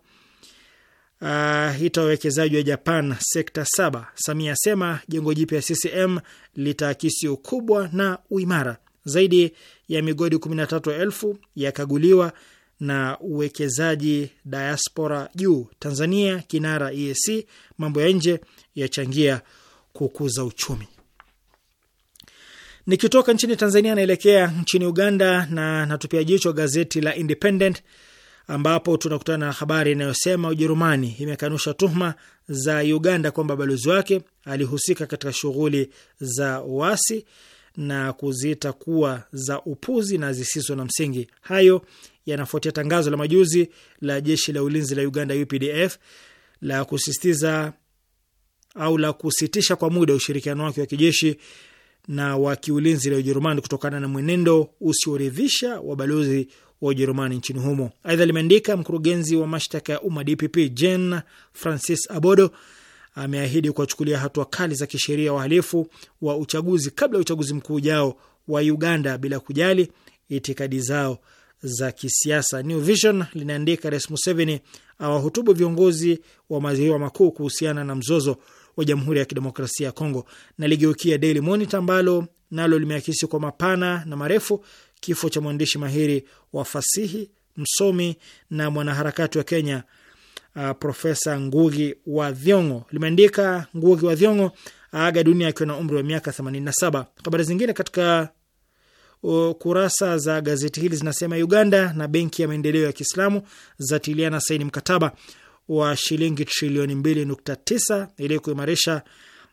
Uh, ita wawekezaji wa Japan sekta saba. Samia asema jengo jipya CCM litaakisi ukubwa na uimara zaidi ya migodi 13,000 yakaguliwa na uwekezaji diaspora juu. Tanzania kinara EAC, mambo ya nje yachangia kukuza uchumi. Nikitoka nchini Tanzania naelekea nchini Uganda na natupia jicho gazeti la Independent ambapo tunakutana na habari inayosema Ujerumani imekanusha tuhuma za Uganda kwamba balozi wake alihusika katika shughuli za uasi na kuziita kuwa za upuzi na zisizo na msingi. Hayo yanafuatia tangazo la majuzi la jeshi la ulinzi la Uganda UPDF la kusisitiza au la kusitisha kwa muda ushirikiano wake wa kijeshi na wa kiulinzi la Ujerumani kutokana na mwenendo usioridhisha wa balozi wa Ujerumani nchini humo. Aidha limeandika mkurugenzi wa mashtaka ya umma DPP Jen Francis Abodo ameahidi kuwachukulia hatua kali za kisheria wahalifu wa uchaguzi kabla ya uchaguzi mkuu ujao wa Uganda bila kujali itikadi zao za kisiasa. New Vision linaandika Rais Museveni awahutubu viongozi wa maziwa makuu kuhusiana na mzozo wa Jamhuri ya Kidemokrasia ya Kongo. Na ligeukia Daily Monitor ambalo nalo limeakisi kwa mapana na marefu kifo cha mwandishi mahiri wa fasihi, msomi na mwanaharakati wa Kenya uh, Profesa Ngugi wa Thiong'o. Limeandika Ngugi wa Thiong'o aaga dunia akiwa na umri wa miaka 87. Habari zingine katika uh, kurasa za gazeti hili zinasema Uganda na Benki ya Maendeleo ya Kiislamu zatiliana saini mkataba wa shilingi trilioni 2.9 ili kuimarisha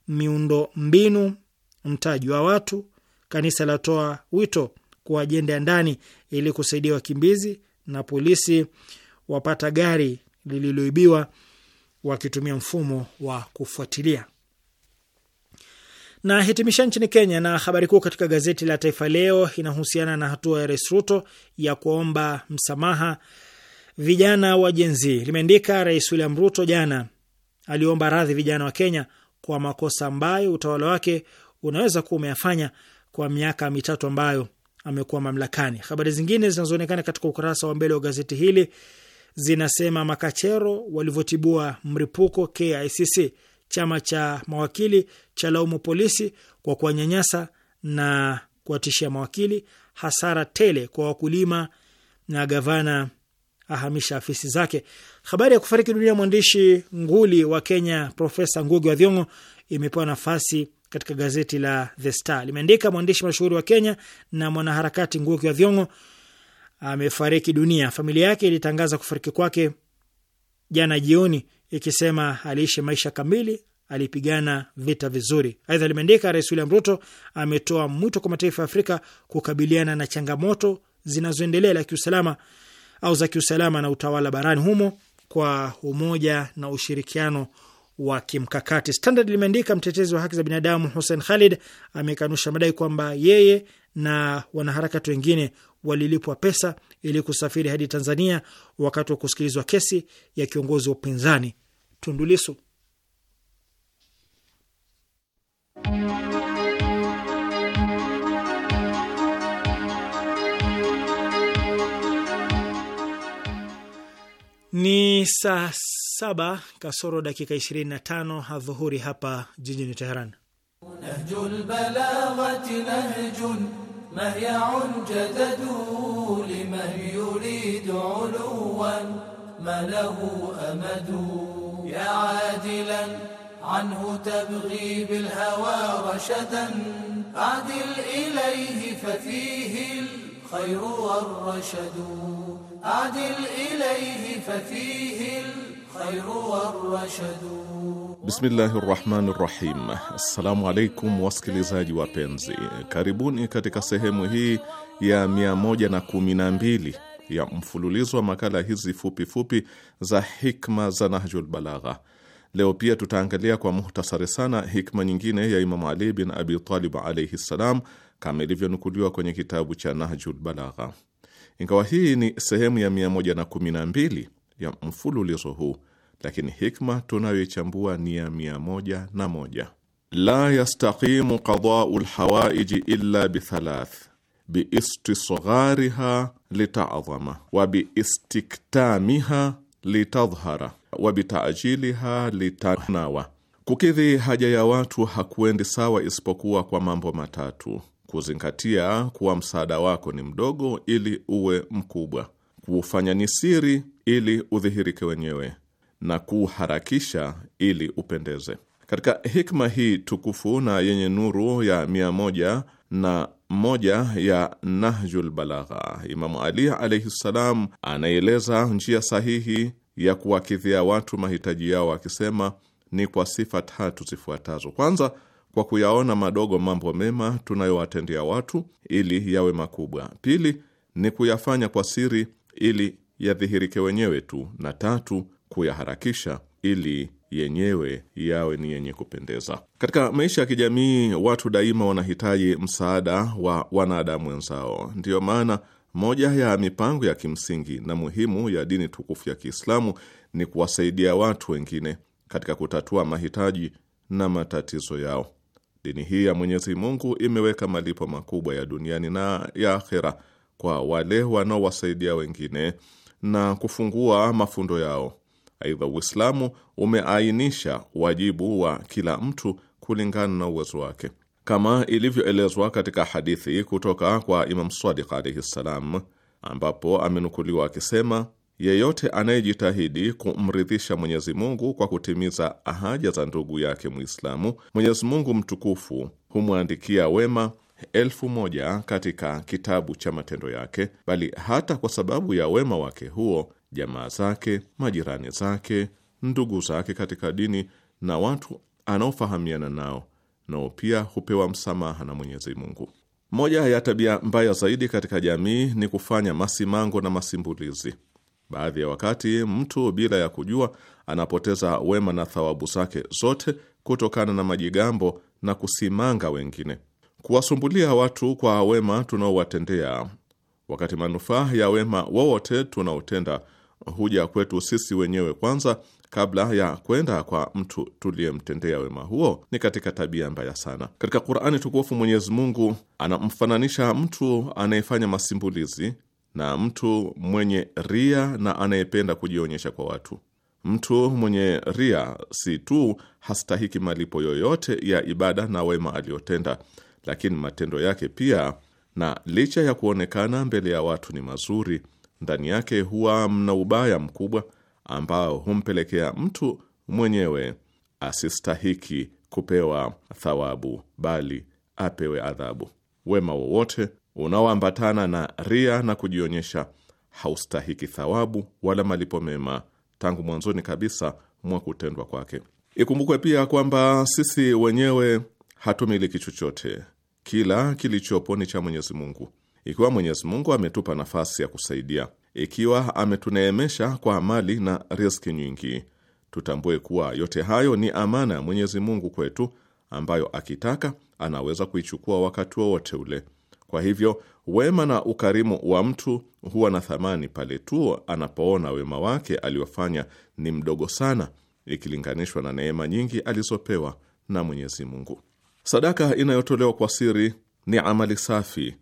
miundo mbinu, mtaji wa watu. Kanisa latoa wito kwa ajenda ya ndani ili kusaidia wakimbizi, na polisi wapata gari lililoibiwa wakitumia mfumo wa kufuatilia. Na hitimisha nchini Kenya, na habari kuu katika gazeti la Taifa Leo inahusiana na hatua ya Rais Ruto ya kuomba msamaha vijana wa jenzi. Limeandika, Rais William Ruto jana aliomba radhi vijana wa Kenya kwa makosa ambayo utawala wake unaweza kuwa umeyafanya kwa miaka mitatu ambayo amekuwa mamlakani. Habari zingine zinazoonekana katika ukurasa wa mbele wa gazeti hili zinasema makachero walivyotibua mripuko KICC. Chama cha mawakili cha laumu polisi kwa kuwanyanyasa na kuwatishia mawakili. Hasara tele kwa wakulima na gavana ahamisha afisi zake. Habari ya kufariki dunia mwandishi nguli wa Kenya Profesa Ngugi wa Thiong'o imepewa nafasi katika gazeti la The Star. Limeandika mwandishi mashuhuri wa Kenya na mwanaharakati Ngugi wa Thiong'o amefariki dunia. Familia yake ilitangaza kufariki kwake jana jioni, ikisema aliishi maisha kamili, alipigana vita vizuri. Aidha limeandika Rais William Ruto ametoa mwito kwa mataifa ya Afrika kukabiliana na changamoto zinazoendelea la kiusalama au za kiusalama na utawala barani humo kwa umoja na ushirikiano wa kimkakati. Standard limeandika mtetezi wa haki za binadamu Hussein Khalid amekanusha madai kwamba yeye na wanaharakati wengine walilipwa pesa ili kusafiri hadi Tanzania wakati wa kusikilizwa kesi ya kiongozi wa upinzani Tundulisu. Ni saa saba kasoro dakika 25 adhuhuri hapa jijini Teheran. مهيع جدد لمن يريد علوا ما له أمد يا عادلا عنه تبغي بالهوى رشدا أعدل إليه ففيه الخير والرشد أعدل إليه ففيه الخير Bismillahi rahmani rahim. Assalamu alaikum wasikilizaji wapenzi, karibuni katika sehemu hii ya 112 ya mfululizo wa makala hizi fupifupi fupi za hikma za Nahjul Balagha. Leo pia tutaangalia kwa muhtasari sana hikma nyingine ya Imamu Ali bin Abi Talib alaihi ssalam, kama ilivyonukuliwa kwenye kitabu cha Nahjul Balagha. Ingawa hii ni sehemu ya 112 ya mfululizo huu, lakini hikma tunayoichambua ni ya mia moja na moja. La yastaqimu qadau lhawaiji illa bithalath biistisghariha litadhama wa biistiktamiha litadhhara wa bitaajiliha litanawa. Kukidhi haja ya watu hakuendi sawa isipokuwa kwa mambo matatu: kuzingatia kuwa msaada wako ni mdogo ili uwe mkubwa, kuufanya ni siri ili udhihirike wenyewe na kuuharakisha ili upendeze. Katika hikma hii tukufu na yenye nuru ya mia moja na moja ya Nahjul Balagha, Imamu Ali alaihi ssalam anaeleza njia sahihi ya kuwakidhia watu mahitaji yao akisema ni kwa sifa tatu zifuatazo. Kwanza, kwa kuyaona madogo mambo mema tunayowatendea watu ili yawe makubwa. Pili, ni kuyafanya kwa siri ili yadhihirike wenyewe tu, na tatu, kuyaharakisha ili yenyewe yawe ni yenye kupendeza. Katika maisha ya kijamii, watu daima wanahitaji msaada wa wanadamu wenzao. Ndiyo maana moja ya mipango ya kimsingi na muhimu ya dini tukufu ya Kiislamu ni kuwasaidia watu wengine katika kutatua mahitaji na matatizo yao. Dini hii ya Mwenyezi Mungu imeweka malipo makubwa ya duniani na ya akhera kwa wale wanaowasaidia wengine na kufungua mafundo yao. Aidha, Uislamu umeainisha wajibu wa kila mtu kulingana na uwezo wake, kama ilivyoelezwa katika hadithi kutoka kwa Imam Sadiq alaihi ssalam, ambapo amenukuliwa akisema yeyote anayejitahidi kumridhisha Mwenyezi Mungu kwa kutimiza haja za ndugu yake Muislamu, Mwenyezi Mungu mtukufu humwandikia wema elfu moja katika kitabu cha matendo yake, bali hata kwa sababu ya wema wake huo, jamaa zake, majirani zake, ndugu zake katika dini na watu anaofahamiana nao, nao pia hupewa msamaha na Mwenyezi Mungu. Moja ya tabia mbaya zaidi katika jamii ni kufanya masimango na masimbulizi. Baadhi ya wakati mtu bila ya kujua anapoteza wema na thawabu zake zote kutokana na majigambo na kusimanga wengine kuwasumbulia watu kwa wema tunaowatendea, wakati manufaa ya wema wowote tunaotenda huja kwetu sisi wenyewe kwanza kabla ya kwenda kwa mtu tuliyemtendea wema huo, ni katika tabia mbaya sana. Katika Qur'ani tukufu, Mwenyezi Mungu anamfananisha mtu anayefanya masimbulizi na mtu mwenye ria na anayependa kujionyesha kwa watu. Mtu mwenye ria si tu hastahiki malipo yoyote ya ibada na wema aliyotenda, lakini matendo yake pia, na licha ya kuonekana mbele ya watu ni mazuri, ndani yake huwa mna ubaya mkubwa ambao humpelekea mtu mwenyewe asistahiki kupewa thawabu, bali apewe adhabu. Wema wowote unaoambatana na ria na kujionyesha haustahiki thawabu wala malipo mema tangu mwanzoni kabisa mwa kutendwa kwake. Ikumbukwe pia kwamba sisi wenyewe hatumiliki chochote kila kilichopo ni cha Mwenyezi Mungu. Ikiwa Mwenyezi Mungu ametupa nafasi ya kusaidia, ikiwa ametuneemesha kwa mali na riziki nyingi, tutambue kuwa yote hayo ni amana ya Mwenyezi Mungu kwetu, ambayo akitaka anaweza kuichukua wakati wowote ule. Kwa hivyo wema na ukarimu wa mtu huwa na thamani pale tu anapoona wema wake aliofanya ni mdogo sana ikilinganishwa na neema nyingi alizopewa na Mwenyezi Mungu. Sadaka inayotolewa kwa siri ni amali safi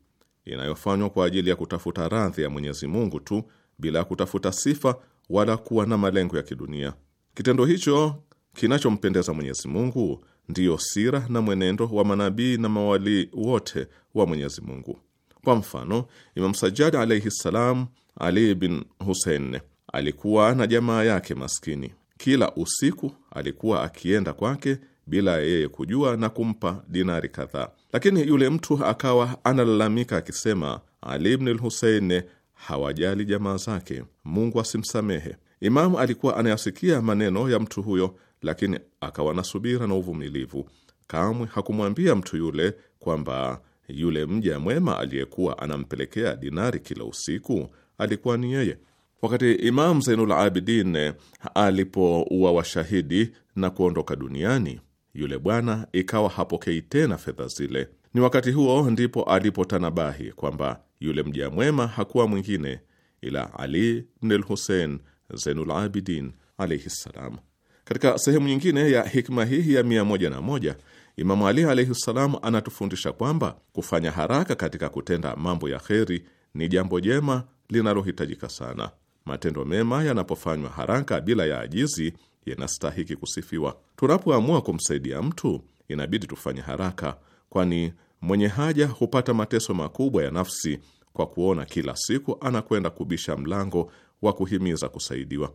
inayofanywa kwa ajili ya kutafuta radhi ya Mwenyezi Mungu tu bila ya kutafuta sifa wala kuwa na malengo ya kidunia. Kitendo hicho kinachompendeza Mwenyezi Mungu ndiyo sira na mwenendo wa manabii na mawalii wote wa Mwenyezi Mungu. Kwa mfano, Imam Sajjad alayhi salam, Ali bin Hussein alikuwa na jamaa yake maskini. Kila usiku alikuwa akienda kwake bila yeye kujua na kumpa dinari kadhaa. Lakini yule mtu akawa analalamika akisema, Ali bnl husein hawajali jamaa zake, Mungu asimsamehe. Imamu alikuwa anayasikia maneno ya mtu huyo, lakini akawa na subira na uvumilivu. Kamwe hakumwambia mtu yule kwamba yule mja mwema aliyekuwa anampelekea dinari kila usiku alikuwa ni yeye. Wakati imamu Zainul Abidin alipouawa washahidi na kuondoka duniani, yule bwana ikawa hapokei tena fedha zile. Ni wakati huo ndipo alipotanabahi kwamba yule mja mwema hakuwa mwingine ila Ali bnel Husein Zainul Abidin alaihi ssalam. Katika sehemu nyingine ya hikma hii ya mia moja na moja Imamu Ali alaihi ssalam anatufundisha kwamba kufanya haraka katika kutenda mambo ya kheri ni jambo jema linalohitajika sana. Matendo mema yanapofanywa haraka bila ya ajizi yanastahiki kusifiwa. Tunapoamua kumsaidia mtu, inabidi tufanye haraka, kwani mwenye haja hupata mateso makubwa ya nafsi kwa kuona kila siku anakwenda kubisha mlango wa kuhimiza kusaidiwa.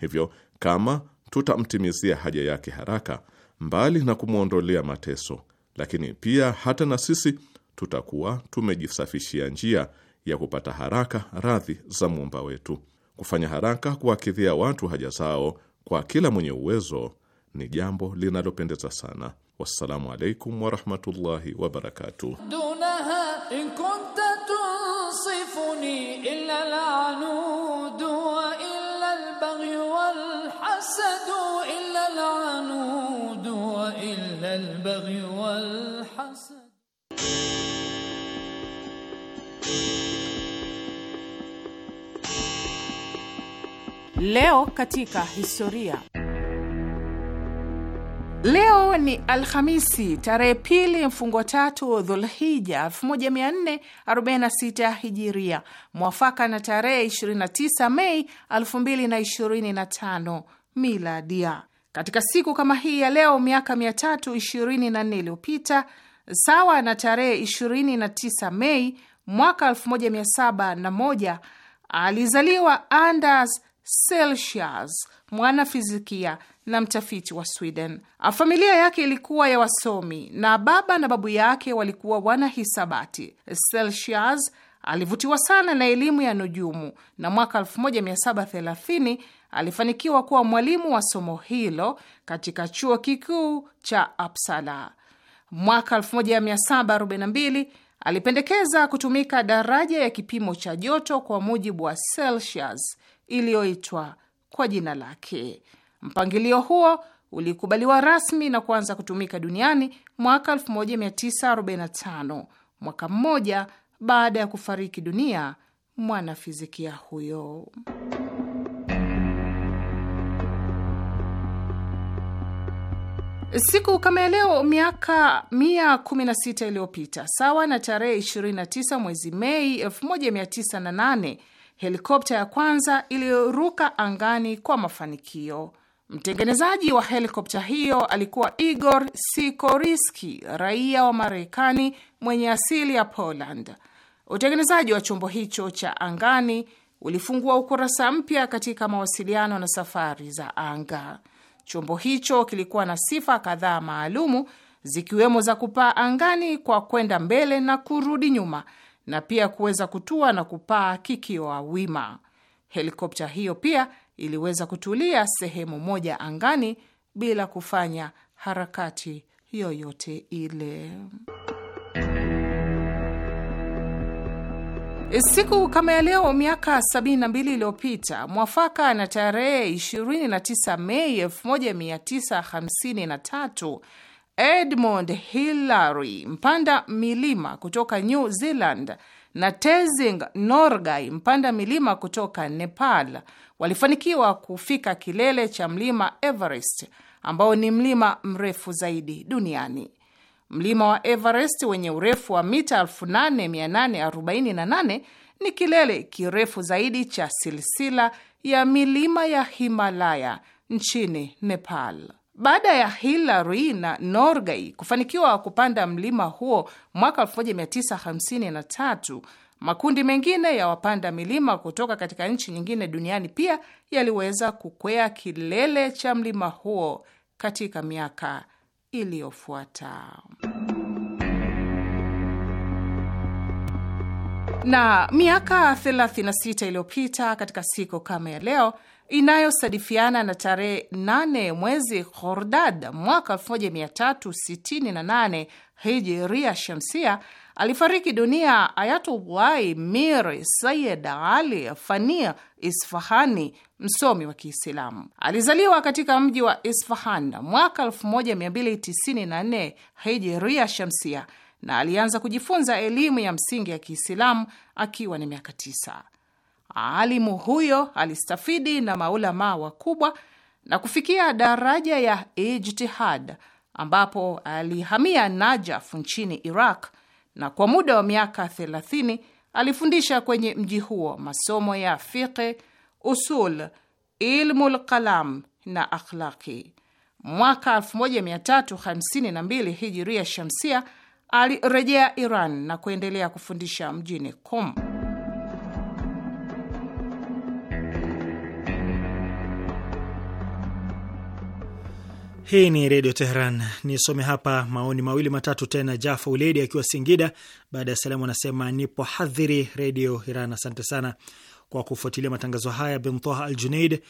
Hivyo, kama tutamtimizia haja yake haraka, mbali na kumwondolea mateso, lakini pia hata na sisi tutakuwa tumejisafishia njia ya kupata haraka radhi za muumba wetu. Kufanya haraka kuwakidhia watu haja zao kwa kila mwenye uwezo ni jambo linalopendeza sana. Wassalamu alaikum warahmatullahi wabarakatuh. Leo katika historia. Leo ni Alhamisi tarehe pili mfungo tatu Dhulhija 1446 Hijiria, mwafaka na tarehe 29 Mei 2025 Miladia. Katika siku kama hii ya leo miaka 324 iliyopita, sawa na tarehe 29 Mei mwaka 1701, alizaliwa Anders Celsius, mwanafizikia na mtafiti wa Sweden. Familia yake ilikuwa ya wasomi na baba na babu yake walikuwa wanahisabati. Celsius alivutiwa sana na elimu ya nujumu na mwaka 1730 alifanikiwa kuwa mwalimu wa somo hilo katika chuo kikuu cha Uppsala. Mwaka 1742 alipendekeza kutumika daraja ya kipimo cha joto kwa mujibu wa Celsius iliyoitwa kwa jina lake. Mpangilio huo ulikubaliwa rasmi na kuanza kutumika duniani mwaka 1945, mwaka mmoja baada ya kufariki dunia mwanafizikia huyo. Siku kama ya leo miaka 116 iliyopita, sawa na tarehe 29 mwezi Mei 1908 helikopta ya kwanza iliyoruka angani kwa mafanikio. Mtengenezaji wa helikopta hiyo alikuwa Igor Sikoriski, raia wa Marekani mwenye asili ya Poland. Utengenezaji wa chombo hicho cha angani ulifungua ukurasa mpya katika mawasiliano na safari za anga. Chombo hicho kilikuwa na sifa kadhaa maalumu, zikiwemo za kupaa angani kwa kwenda mbele na kurudi nyuma na pia kuweza kutua na kupaa kikiwa wima. Helikopta hiyo pia iliweza kutulia sehemu moja angani bila kufanya harakati yoyote ile. Siku kama ya leo miaka 72 iliyopita mwafaka na tarehe 29 Mei 1953 Edmund Hillary mpanda milima kutoka New Zealand na Tenzing Norgay mpanda milima kutoka Nepal walifanikiwa kufika kilele cha mlima Everest ambao ni mlima mrefu zaidi duniani. Mlima wa Everest wenye urefu wa mita 8848 ni kilele kirefu zaidi cha silsila ya milima ya Himalaya nchini Nepal. Baada ya Hillary na Norgay kufanikiwa kupanda mlima huo mwaka 1953, makundi mengine ya wapanda milima kutoka katika nchi nyingine duniani pia yaliweza kukwea kilele cha mlima huo katika miaka iliyofuata. Na miaka 36 iliyopita katika siku kama ya leo inayosadifiana na tarehe 8 mwezi Khordad mwaka 1368 hijiria shamsia, alifariki dunia Ayatullahi Mir Sayed Ali Fania Isfahani, msomi wa Kiislamu. Alizaliwa katika mji wa Isfahan mwaka 1294 hijiria shamsia na alianza kujifunza elimu ya msingi ya Kiislamu akiwa na miaka tisa. Alimu huyo alistafidi na maulamaa wakubwa na kufikia daraja ya ijtihad, ambapo alihamia Najaf nchini Iraq na kwa muda wa miaka 30 alifundisha kwenye mji huo masomo ya fiqhi, usul, ilmul kalam na akhlaqi. Mwaka 1352 hijiria shamsia alirejea Iran na kuendelea kufundisha mjini Qom. Hii ni Redio Teheran. Nisome hapa maoni mawili matatu tena. Jafa Uledi akiwa Singida, baada ya salamu anasema nipo hadhiri Redio Iran. Asante sana kwa kufuatilia matangazo haya. Bintoha Al Juneid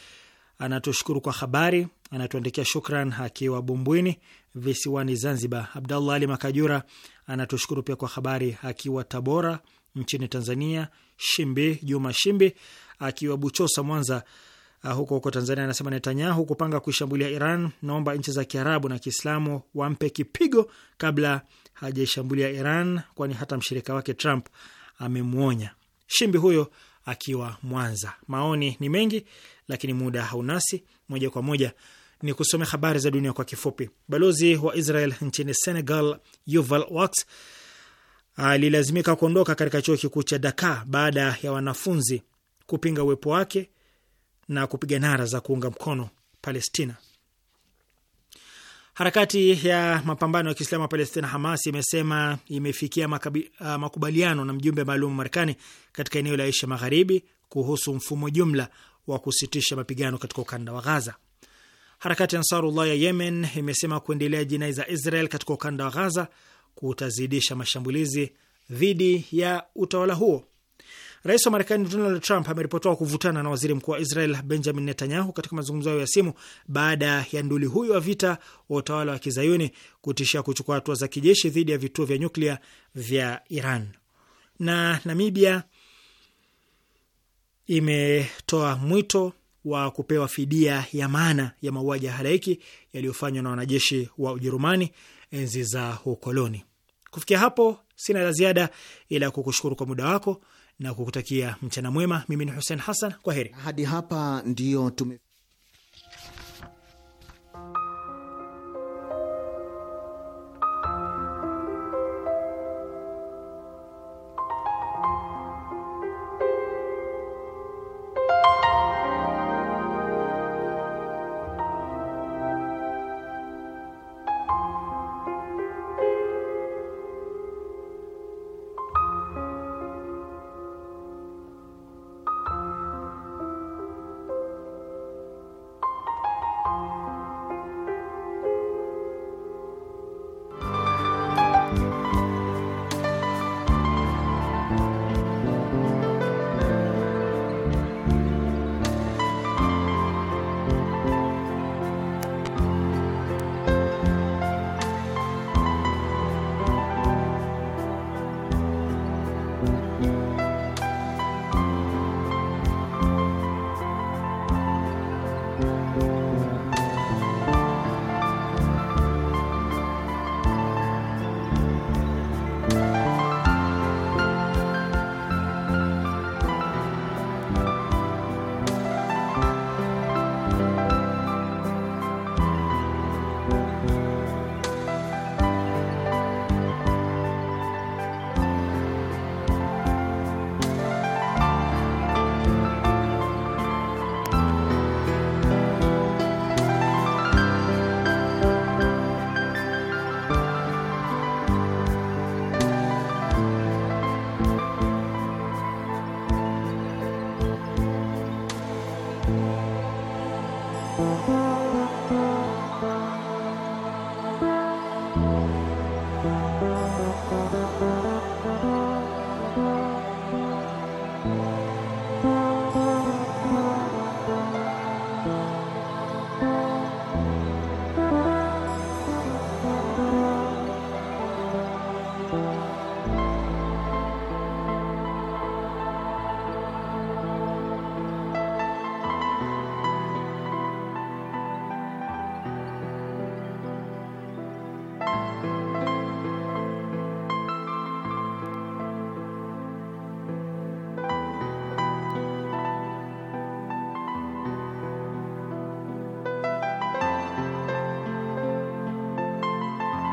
anatushukuru kwa habari, anatuandikia shukran akiwa Bumbwini visiwani Zanzibar. Abdallah Ali Makajura anatushukuru pia kwa habari akiwa Tabora nchini Tanzania. Shimbi Juma Shimbi akiwa Buchosa, Mwanza ah, huko huko Tanzania anasema Netanyahu kupanga kuishambulia Iran, naomba nchi za Kiarabu na Kiislamu wampe kipigo kabla hajaishambulia Iran, kwani hata mshirika wake Trump amemwonya. Shimbi huyo akiwa Mwanza. Maoni ni mengi, lakini muda haunasi. Moja kwa moja ni kusomea habari za dunia kwa kifupi. Balozi wa Israel nchini Senegal, Yuval Wax, alilazimika kuondoka katika chuo kikuu cha Dakar baada ya wanafunzi kupinga uwepo wake na kupiga nara za kuunga mkono Palestina. Harakati ya mapambano ya Kiislamu ya Palestina, Hamas, imesema imefikia makabi, uh, makubaliano na mjumbe maalum wa Marekani katika eneo la Asia Magharibi kuhusu mfumo jumla wa kusitisha mapigano katika ukanda wa Ghaza. Harakati ya Ansarullah ya Yemen imesema kuendelea jinai za Israel katika ukanda wa Ghaza kutazidisha mashambulizi dhidi ya utawala huo. Rais wa Marekani Donald Trump ameripotiwa kuvutana na waziri mkuu wa Israel Benjamin Netanyahu katika mazungumzo hayo ya simu baada ya nduli huyo wa vita wa utawala wa kizayuni kutishia kuchukua hatua za kijeshi dhidi ya vituo vya nyuklia vya Iran. Na Namibia imetoa mwito wa kupewa fidia ya maana ya mauaji ya halaiki yaliyofanywa na wanajeshi wa Ujerumani enzi za ukoloni. Kufikia hapo, sina la ziada ila kukushukuru kwa muda wako na kukutakia mchana mwema. Mimi ni Hussein Hassan, kwa heri. Hadi hapa ndio tume